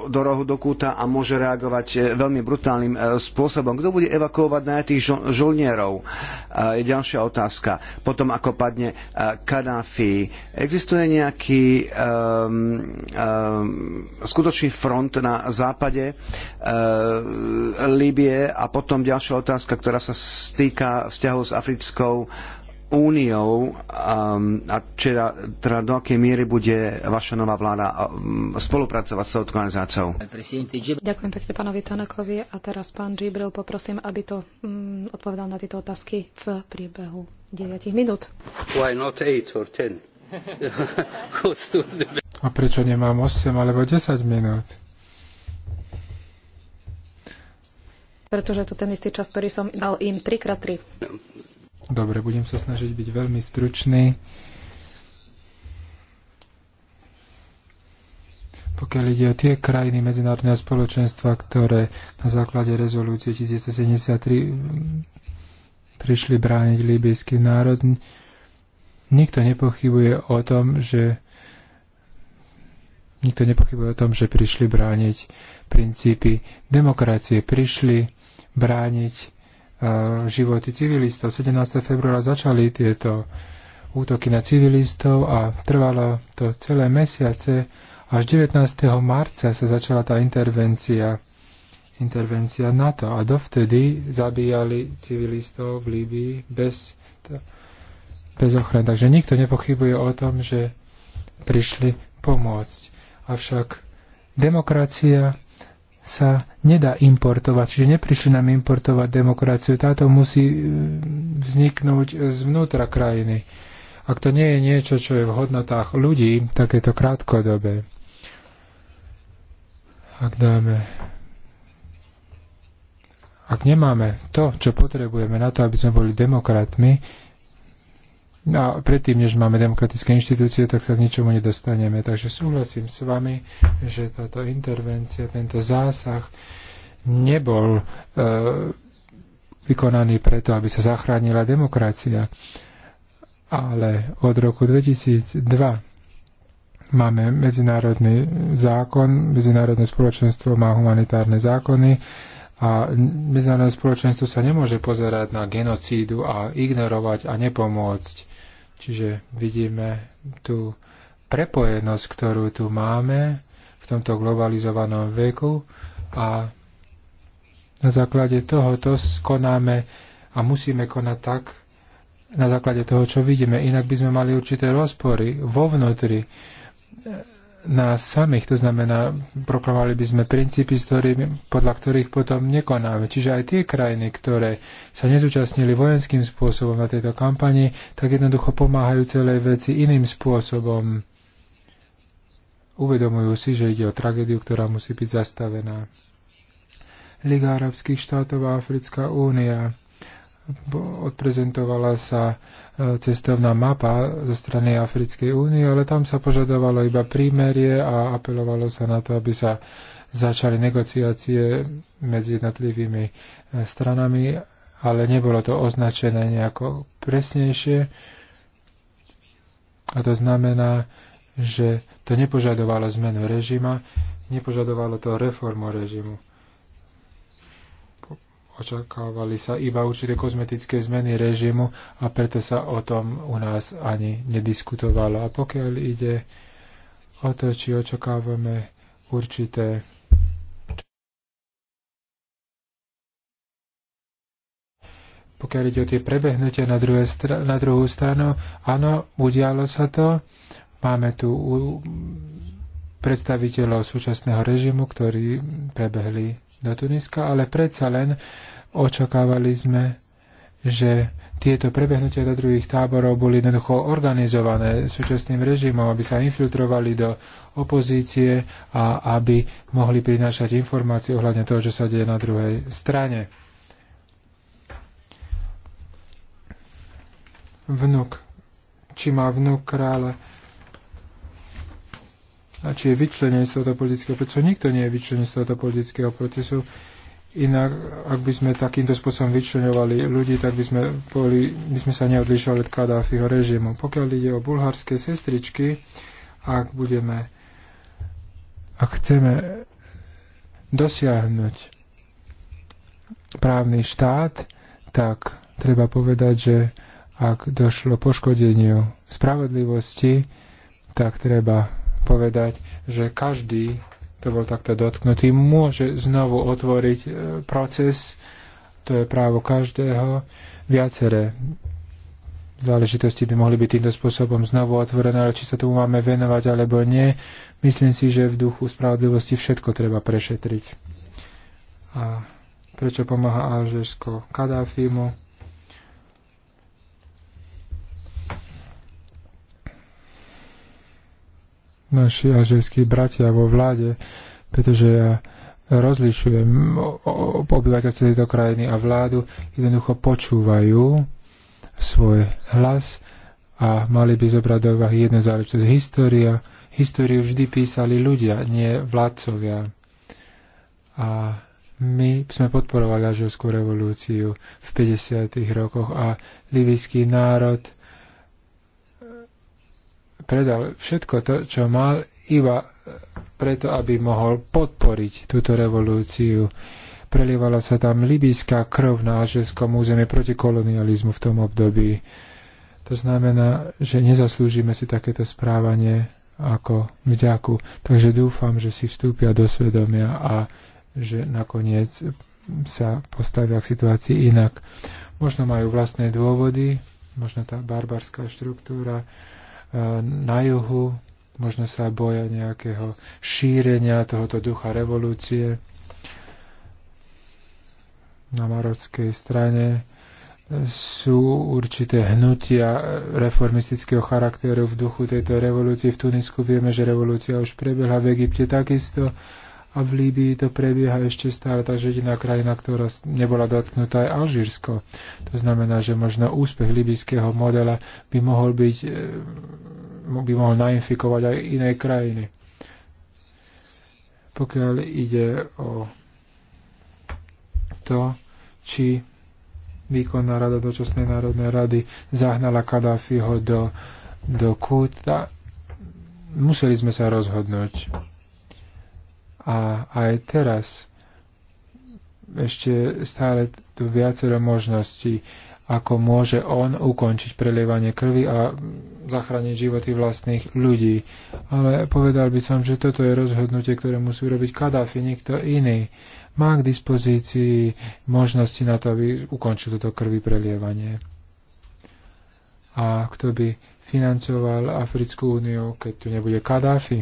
S2: do rohu do kúta a môže reagovať eh, veľmi brutálnym eh, spôsobom. Kto bude evakuovať na tých žolnierov? Eh, je ďalšia otázka. Potom ako padne Kadáfi. Existuje nejaký um, um, skutočný front na západe uh, Líbie a potom ďalšia otázka, ktorá sa týka vzťahov s africkou uh, úniou um, a čiže, teda, teda do akej miery bude vaša nová vláda um, spolupracovať s touto organizáciou.
S3: Ďakujem pekne pánovi Tanakovi a teraz pán Gibril, poprosím, aby to mm, odpovedal na tieto otázky v priebehu 9 minút.
S1: a prečo nemám 8 alebo 10 minút?
S3: Pretože je to ten istý čas, ktorý som dal im 3x3.
S1: Dobre, budem sa snažiť byť veľmi stručný. Pokiaľ ide o tie krajiny medzinárodného spoločenstva, ktoré na základe rezolúcie 1973 prišli brániť líbyjský národ, nikto nepochybuje o tom, že nikto nepochybuje o tom, že prišli brániť princípy demokracie, prišli brániť životy civilistov. 17. februára začali tieto útoky na civilistov a trvalo to celé mesiace. Až 19. marca sa začala tá intervencia, intervencia NATO a dovtedy zabíjali civilistov v Líbii bez, bez ochrany. Takže nikto nepochybuje o tom, že prišli pomôcť. Avšak demokracia sa nedá importovať, čiže neprišli nám importovať demokraciu. Táto musí e, vzniknúť zvnútra krajiny. Ak to nie je niečo, čo je v hodnotách ľudí, tak je to krátkodobé. Ak dáme ak nemáme to, čo potrebujeme na to, aby sme boli demokratmi, a no, predtým, než máme demokratické inštitúcie, tak sa k ničomu nedostaneme. Takže súhlasím s vami, že táto intervencia, tento zásah nebol e, vykonaný preto, aby sa zachránila demokracia. Ale od roku 2002 máme medzinárodný zákon, medzinárodné spoločenstvo má humanitárne zákony, a medzinárodné spoločenstvo sa nemôže pozerať na genocídu a ignorovať a nepomôcť. Čiže vidíme tú prepojenosť, ktorú tu máme v tomto globalizovanom veku a na základe toho to konáme a musíme konať tak, na základe toho, čo vidíme. Inak by sme mali určité rozpory vo vnútri nás samých. To znamená, proklamovali by sme princípy, podľa ktorých potom nekonáme. Čiže aj tie krajiny, ktoré sa nezúčastnili vojenským spôsobom na tejto kampani, tak jednoducho pomáhajú celej veci iným spôsobom. Uvedomujú si, že ide o tragédiu, ktorá musí byť zastavená. Liga arabských štátov a Africká únia odprezentovala sa e, cestovná mapa zo strany Africkej únie, ale tam sa požadovalo iba prímerie a apelovalo sa na to, aby sa začali negociácie medzi jednotlivými e, stranami, ale nebolo to označené nejako presnejšie. A to znamená, že to nepožadovalo zmenu režima, nepožadovalo to reformu režimu očakávali sa iba určité kozmetické zmeny režimu a preto sa o tom u nás ani nediskutovalo. A pokiaľ ide o to, či očakávame určité pokiaľ ide o tie prebehnutia na, druhé str- na druhú stranu, áno, udialo sa to. Máme tu predstaviteľov súčasného režimu, ktorí prebehli do Tuniska, ale predsa len očakávali sme, že tieto prebehnutia do druhých táborov boli jednoducho organizované súčasným režimom, aby sa infiltrovali do opozície a aby mohli prinášať informácie ohľadne toho, čo sa deje na druhej strane. Vnuk. Či má vnuk kráľa a či je vyčlenený z tohoto politického procesu. Nikto nie je vyčlenený z tohoto politického procesu. Inak, ak by sme takýmto spôsobom vyčlenovali ľudí, tak by sme, boli, by sme sa neodlišovali od Kadáfiho režimu. Pokiaľ ide o bulharské sestričky, ak budeme, ak chceme dosiahnuť právny štát, tak treba povedať, že ak došlo poškodeniu spravodlivosti, tak treba povedať, že každý, kto bol takto dotknutý, môže znovu otvoriť e, proces, to je právo každého, viaceré záležitosti by mohli byť týmto spôsobom znovu otvorené, ale či sa tomu máme venovať alebo nie, myslím si, že v duchu spravodlivosti všetko treba prešetriť. A prečo pomáha Alžersko Kadáfimu? naši alžírsky bratia vo vláde, pretože ja rozlišujem obyvateľstvo tejto krajiny a vládu, jednoducho počúvajú svoj hlas a mali by zobrať do úvahy jednu záležitosť. História, históriu vždy písali ľudia, nie vládcovia. A my sme podporovali alžírskú revolúciu v 50. rokoch a libyský národ predal všetko to, čo mal, iba preto, aby mohol podporiť túto revolúciu. Prelievala sa tam libyská krv na alžerskom území proti kolonializmu v tom období. To znamená, že nezaslúžime si takéto správanie ako vďaku. Takže dúfam, že si vstúpia do svedomia a že nakoniec sa postavia k situácii inak. Možno majú vlastné dôvody, možno tá barbarská štruktúra, E, na juhu, možno sa boja nejakého šírenia tohoto ducha revolúcie na marockej strane sú určité hnutia reformistického charakteru v duchu tejto revolúcie. V Tunisku vieme, že revolúcia už prebehla, v Egypte takisto a v Líbii to prebieha ešte stále, takže jediná krajina, ktorá nebola dotknutá je Alžírsko. To znamená, že možno úspech líbyjského modela by mohol byť e, by mohol nainfikovať aj iné krajiny. Pokiaľ ide o to, či výkonná rada dočasnej národnej rady zahnala Kadáfiho do, do kúta, museli sme sa rozhodnúť a aj teraz ešte stále tu viacero možností, ako môže on ukončiť prelievanie krvi a zachrániť životy vlastných ľudí. Ale povedal by som, že toto je rozhodnutie, ktoré musí urobiť Kadáfi, nikto iný. Má k dispozícii možnosti na to, aby ukončil toto krvi prelievanie. A kto by financoval Africkú úniu, keď tu nebude Kadáfi?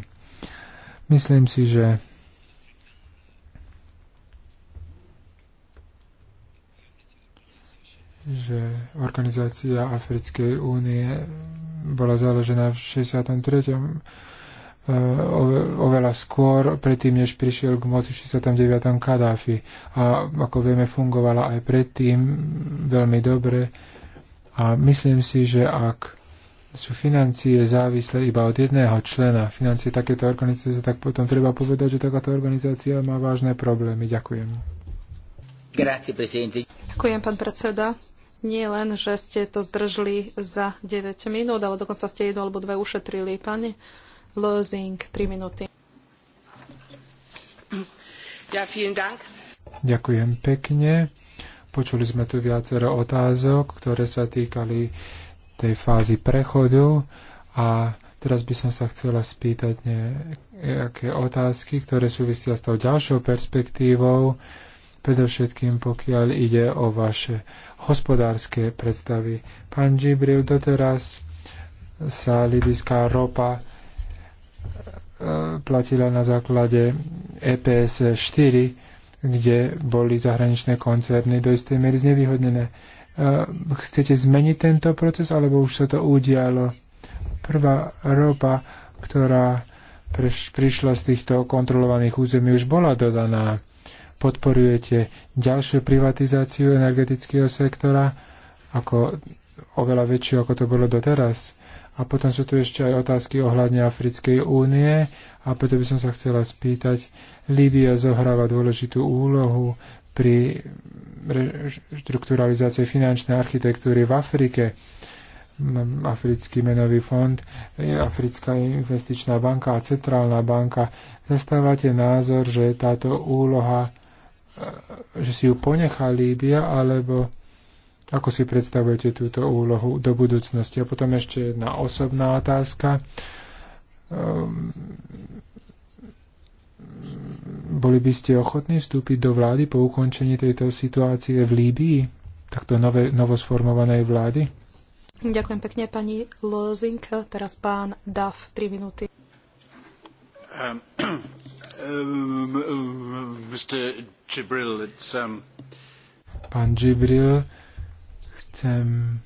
S1: Myslím si, že že organizácia Africkej únie bola založená v 63. Eh, oveľa skôr, predtým, než prišiel k moci v 69. Kadáfi. A ako vieme, fungovala aj predtým veľmi dobre. A myslím si, že ak sú financie závislé iba od jedného člena financie takéto organizácie, tak potom treba povedať, že takáto organizácia má vážne problémy. Ďakujem.
S3: Grazie, Ďakujem, pán predseda nie len, že ste to zdržli za 9 minút, ale dokonca ste jednu alebo dve ušetrili. Pani Lozing, 3 minúty. Ja,
S2: Dank.
S1: Ďakujem pekne. Počuli sme tu viacero otázok, ktoré sa týkali tej fázy prechodu a teraz by som sa chcela spýtať nejaké otázky, ktoré súvisia s tou ďalšou perspektívou predovšetkým pokiaľ ide o vaše hospodárske predstavy. Pán Džibril, doteraz sa libyská ropa e, platila na základe EPS 4, kde boli zahraničné koncerny do istej miery znevýhodnené. E, chcete zmeniť tento proces, alebo už sa to udialo? Prvá ropa, ktorá prišla z týchto kontrolovaných území, už bola dodaná podporujete ďalšiu privatizáciu energetického sektora, ako oveľa väčšiu, ako to bolo doteraz. A potom sú tu ešte aj otázky ohľadne Africkej únie a preto by som sa chcela spýtať, Líbia zohráva dôležitú úlohu pri štrukturalizácii finančnej architektúry v Afrike. Africký menový fond, e, Africká investičná banka a Centrálna banka. Zastávate názor, že táto úloha E, že si ju ponechá Líbia, alebo ako si predstavujete túto úlohu do budúcnosti? A potom ešte jedna osobná otázka. Ehm, boli by ste ochotní vstúpiť do vlády po ukončení tejto situácie v Líbii, takto nové, novosformovanej vlády?
S3: Ďakujem pekne, pani Lozink. Teraz pán Dav, 3 minúty. Ehm, Gibril, um, um, um,
S1: Pán Gibril, chcem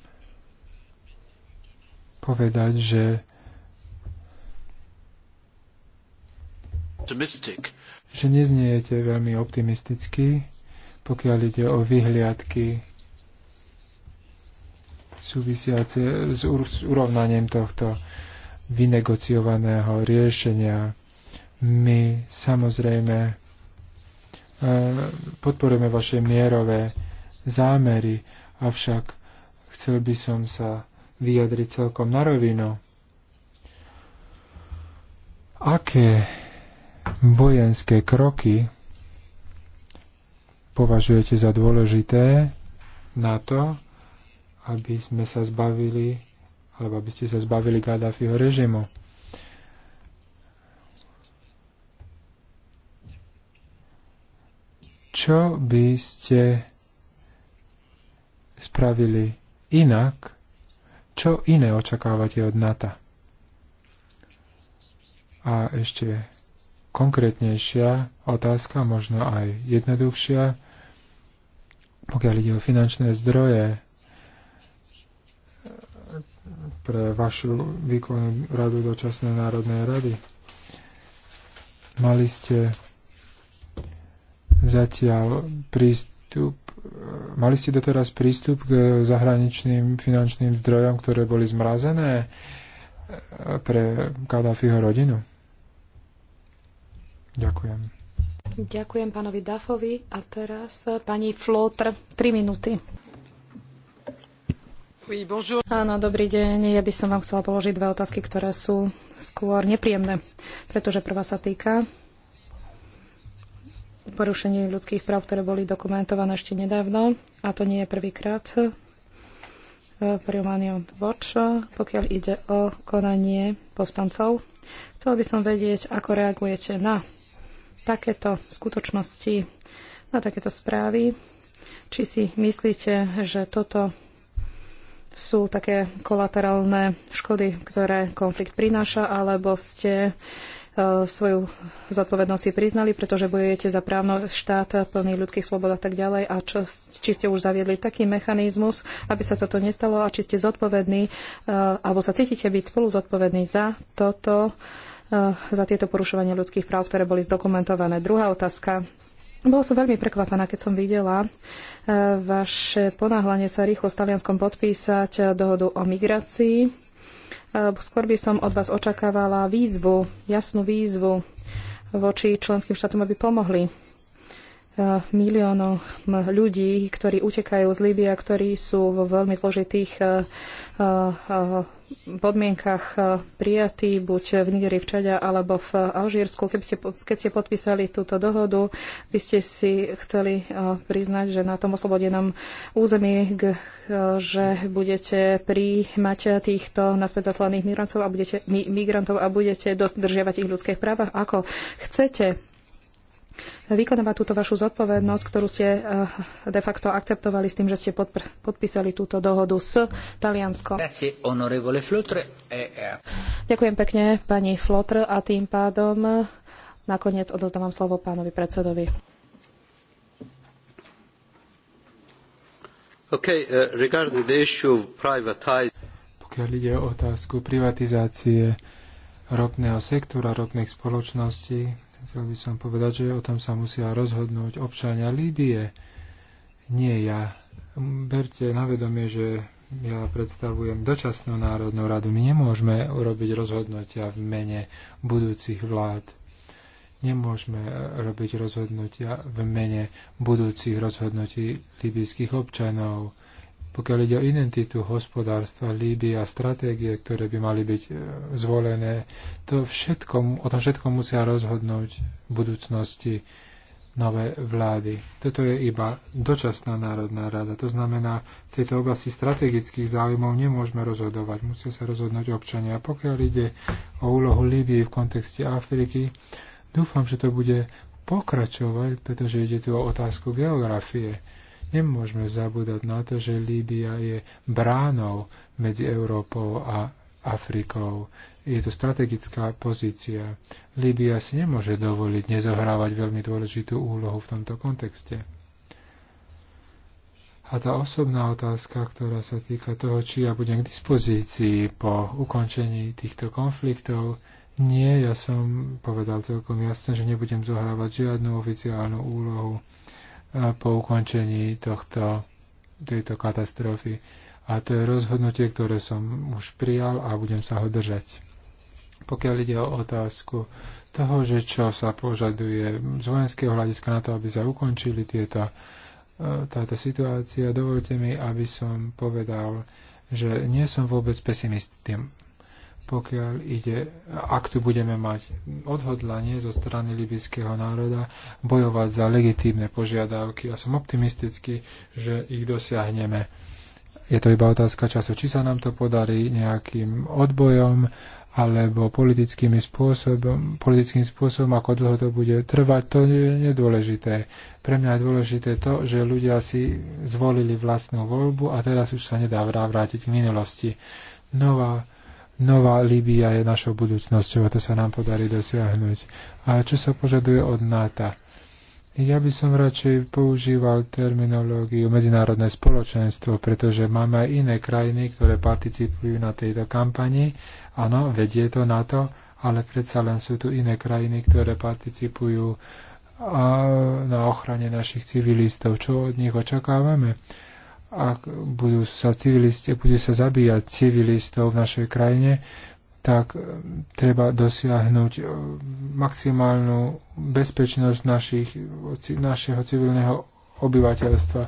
S1: povedať, že že nezniete veľmi optimisticky, pokiaľ ide o vyhliadky súvisiace s urovnaním tohto vynegociovaného riešenia my samozrejme e, podporujeme vaše mierové zámery, avšak chcel by som sa vyjadriť celkom na rovinu. Aké vojenské kroky považujete za dôležité na to, aby sme sa zbavili, alebo aby ste sa zbavili Gaddafiho režimu? čo by ste spravili inak, čo iné očakávate od NATO. A ešte konkrétnejšia otázka, možno aj jednoduchšia, pokiaľ ide o finančné zdroje pre vašu výkonnú radu dočasnej národnej rady. Mali ste zatiaľ prístup, mali ste doteraz prístup k zahraničným finančným zdrojom, ktoré boli zmrazené eh, pre Kadáfiho rodinu? Ďakujem.
S3: Ďakujem pánovi Dafovi a teraz eh, pani Flotr, 3 minúty. Oui, Áno, dobrý deň. Ja by som vám chcela položiť dve otázky, ktoré sú skôr nepríjemné, pretože prvá sa týka porušení ľudských práv, ktoré boli dokumentované ešte nedávno, a to nie je prvýkrát v e, Humanion Watch, pokiaľ ide o konanie povstancov. Chcel by som vedieť, ako reagujete na takéto skutočnosti, na takéto správy. Či si myslíte, že toto sú také kolaterálne škody, ktoré konflikt prináša, alebo ste uh, E, svoju zodpovednosť si priznali, pretože bojujete za právno štát plný ľudských slobod a tak ďalej a čo, či ste už zaviedli taký mechanizmus, aby sa toto nestalo a či ste zodpovední e, alebo sa cítite byť spolu zodpovední za toto, e, za tieto porušovanie ľudských práv, ktoré boli zdokumentované. Druhá otázka. Bola som veľmi prekvapená, keď som videla vaše ponáhľanie sa rýchlo s Talianskom podpísať dohodu o migrácii Ehm, skôr by som od vás očakávala výzvu, jasnú výzvu voči členským štátom, aby pomohli Eh, miliónov ľudí, ktorí utekajú z Líby a ktorí sú vo veľmi zložitých eh, eh, podmienkach prijatí, buď v Nigeri v Čade alebo v Alžírsku. Keď ste, keď ste podpísali túto dohodu, by ste si chceli priznať, že na tom oslobodenom území, že budete príjmať týchto naspäť zaslaných migrantov a budete, migrantov a budete dodržiavať ich ľudských právach, ako chcete vykonávať túto vašu zodpovednosť, ktorú ste eh, de facto akceptovali s tým, že ste podpr- podpísali túto dohodu s Talianskom. E,
S1: e.
S3: Ďakujem pekne, pani Flotr, a tým pádom eh, nakoniec odozdávam slovo pánovi predsedovi. Okay, uh, regarding the issue of pokiaľ ide
S1: o otázku privatizácie ropného sektora, ropných spoločností, chcel by som povedať, že o tom sa musia rozhodnúť občania Líbie. Nie ja. Berte na vedomie, že ja predstavujem dočasnú národnú radu. My nemôžeme urobiť rozhodnutia v mene budúcich vlád. Nemôžeme e, robiť rozhodnutia v mene budúcich rozhodnutí libyských občanov pokiaľ ide o identitu hospodárstva Líbie a stratégie, ktoré by mali byť e, zvolené, to všetko, o tom všetko musia rozhodnúť v budúcnosti nové vlády. Toto je iba dočasná Národná rada. To znamená, v tejto oblasti strategických záujmov nemôžeme rozhodovať. Musia sa rozhodnúť občania. A pokiaľ ide o úlohu Líbie v kontexte Afriky, dúfam, že to bude pokračovať, pretože ide tu o otázku geografie Nemôžeme zabúdať na to, že Líbia je bránou medzi Európou a Afrikou. Je to strategická pozícia. Líbia si nemôže dovoliť nezohrávať veľmi dôležitú úlohu v tomto kontexte. A tá osobná otázka, ktorá sa týka toho, či ja budem k dispozícii po ukončení týchto konfliktov, nie, ja som povedal celkom jasne, že nebudem zohrávať žiadnu oficiálnu úlohu po ukončení tohto, tejto katastrofy. A to je rozhodnutie, ktoré som už prijal a budem sa ho držať. Pokiaľ ide o otázku toho, že čo sa požaduje z vojenského hľadiska na to, aby sa ukončili tieto, e, táto situácia, dovolte mi, aby som povedal, že nie som vôbec pesimistom, pokiaľ ide, ak tu budeme mať odhodlanie zo strany libyského národa bojovať za legitímne požiadavky. Ja som optimistický, že ich dosiahneme. Je to iba otázka času, či sa nám to podarí nejakým odbojom alebo politickým spôsobom, politickým spôsobom, ako dlho to bude trvať, to je nedôležité. Pre mňa je dôležité to, že ľudia si zvolili vlastnú voľbu a teraz už sa nedá vrátiť k minulosti. Nová Nová Líbia je našou budúcnosťou a to sa nám podarí dosiahnuť. A čo sa požaduje od NATO? Ja by som radšej používal terminológiu medzinárodné spoločenstvo, pretože máme aj iné krajiny, ktoré participujú na tejto kampani. Áno, vedie to na to, ale predsa len sú tu iné krajiny, ktoré participujú na ochrane našich civilistov. Čo od nich očakávame? ak budú sa, civilisti, bude sa zabíjať civilistov v našej krajine, tak e, treba dosiahnuť e, maximálnu bezpečnosť našich, našeho civilného obyvateľstva.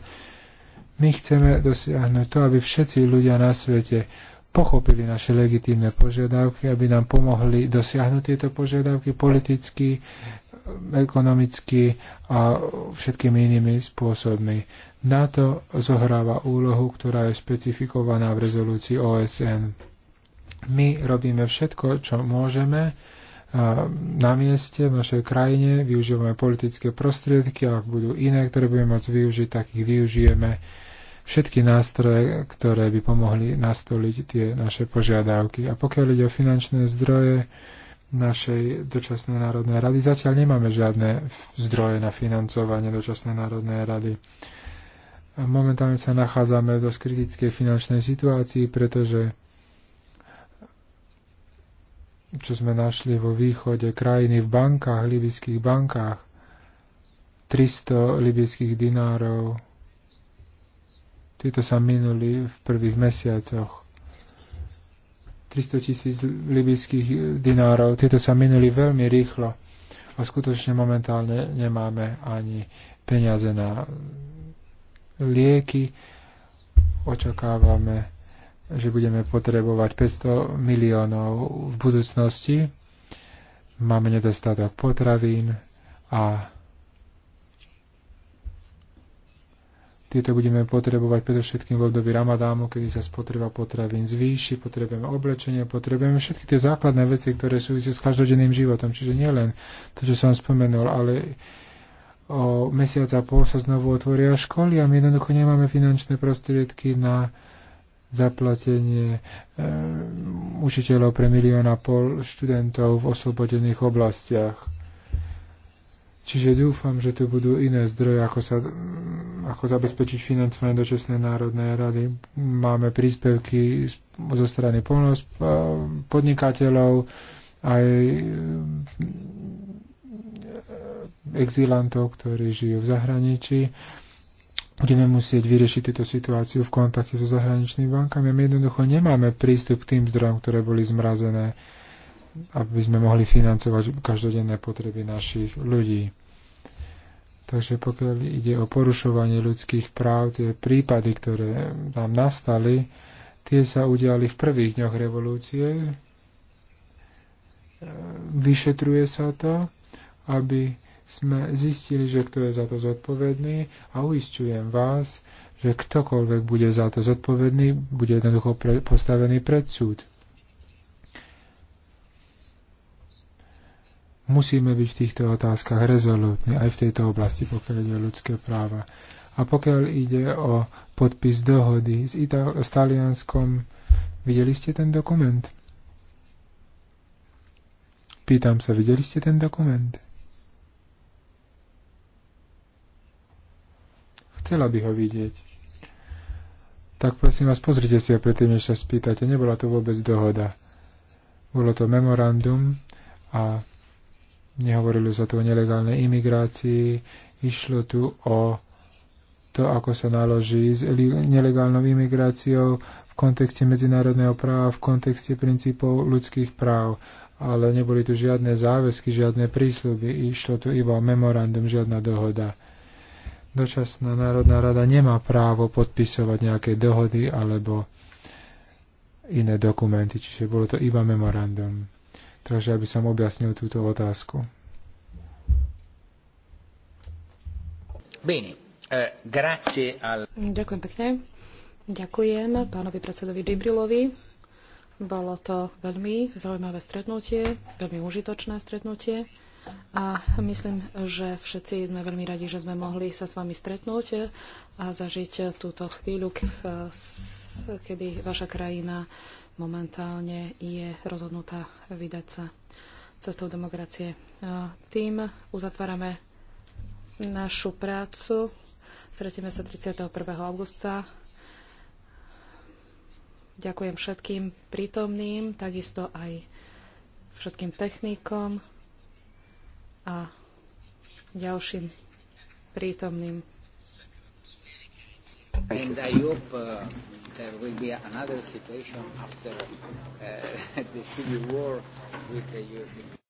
S1: My chceme dosiahnuť to, aby všetci ľudia na svete pochopili naše legitímne požiadavky, aby nám pomohli dosiahnuť tieto požiadavky politicky, e, ekonomicky a všetkými inými spôsobmi. NATO zohráva úlohu, ktorá je špecifikovaná v rezolúcii OSN. My robíme všetko, čo môžeme na mieste v našej krajine, využívame politické prostriedky, ak budú iné, ktoré budeme môcť využiť, tak ich využijeme všetky nástroje, ktoré by pomohli nastoliť tie naše požiadavky. A pokiaľ ide o finančné zdroje našej dočasnej národnej rady, zatiaľ nemáme žiadne zdroje na financovanie dočasnej národnej rady momentálne sa nachádzame v dosť kritickej finančnej situácii, pretože čo sme našli vo východe krajiny v bankách, libyských bankách, 300 libyských dinárov, tieto sa minuli v prvých mesiacoch. 300 tisíc libyských dinárov, tieto sa minuli veľmi rýchlo a skutočne momentálne nemáme ani peniaze na lieky. Očakávame, že budeme potrebovať 500 miliónov v budúcnosti. Máme nedostatok potravín a Tieto budeme potrebovať predovšetkým v období Ramadámu, kedy sa spotreba potravín zvýši, potrebujeme oblečenie, potrebujeme všetky tie základné veci, ktoré súvisia s každodenným životom. Čiže nielen to, čo som spomenul, ale o mesiac a pol sa znovu otvoria školy a my jednoducho nemáme finančné prostriedky na zaplatenie e, učiteľov pre milión a pol študentov v oslobodených oblastiach. Čiže dúfam, že tu budú iné zdroje, ako, sa, mm, ako zabezpečiť financovanie dočasnej národnej rady. Máme príspevky zo strany podnikateľov, aj exilantov, ktorí žijú v zahraničí. Budeme musieť vyriešiť túto situáciu v kontakte so zahraničnými bankami. My jednoducho nemáme prístup k tým zdrojom, ktoré boli zmrazené, aby sme mohli financovať každodenné potreby našich ľudí. Takže pokiaľ ide o porušovanie ľudských práv, tie prípady, ktoré nám nastali, tie sa udiali v prvých dňoch revolúcie. Vyšetruje sa to, aby sme zistili, že kto je za to zodpovedný a uistujem vás, že ktokoľvek bude za to zodpovedný, bude jednoducho pre, postavený pred súd. Musíme byť v týchto otázkach rezolutní, aj v tejto oblasti, pokiaľ ide o ľudské práva. A pokiaľ ide o podpis dohody s, Itál- s Talianskom, videli ste ten dokument? Pýtam sa, videli ste ten dokument? Chcela by ho vidieť. Tak prosím vás, pozrite si ho predtým, než sa spýtate. Nebola to vôbec dohoda. Bolo to memorandum a nehovorilo sa tu o nelegálnej imigrácii. Išlo tu o to, ako sa naloží s nelegálnou imigráciou v kontexte medzinárodného práva, v kontexte princípov ľudských práv. Ale neboli tu žiadne záväzky, žiadne prísľuby, išlo tu iba o memorandum, žiadna dohoda dočasná Národná rada nemá právo podpisovať nejaké dohody alebo iné dokumenty, čiže bolo to iba memorandum. Takže aby som objasnil túto otázku. Bene. Eh,
S3: Ďakujem pekne. Ďakujem pánovi predsedovi Dibrilovi. Bolo to veľmi zaujímavé stretnutie, veľmi užitočné stretnutie. A myslím, že všetci sme veľmi radi, že sme mohli sa s vami stretnúť a zažiť túto chvíľu, kedy vaša krajina momentálne je rozhodnutá vydať sa cestou demokracie. Tým uzatvárame našu prácu. Stretíme sa 31. augusta. Ďakujem všetkým prítomným, takisto aj všetkým technikom a ďalším prítomným.
S1: And I hope uh, there will be another situation after uh,
S2: the civil war with the European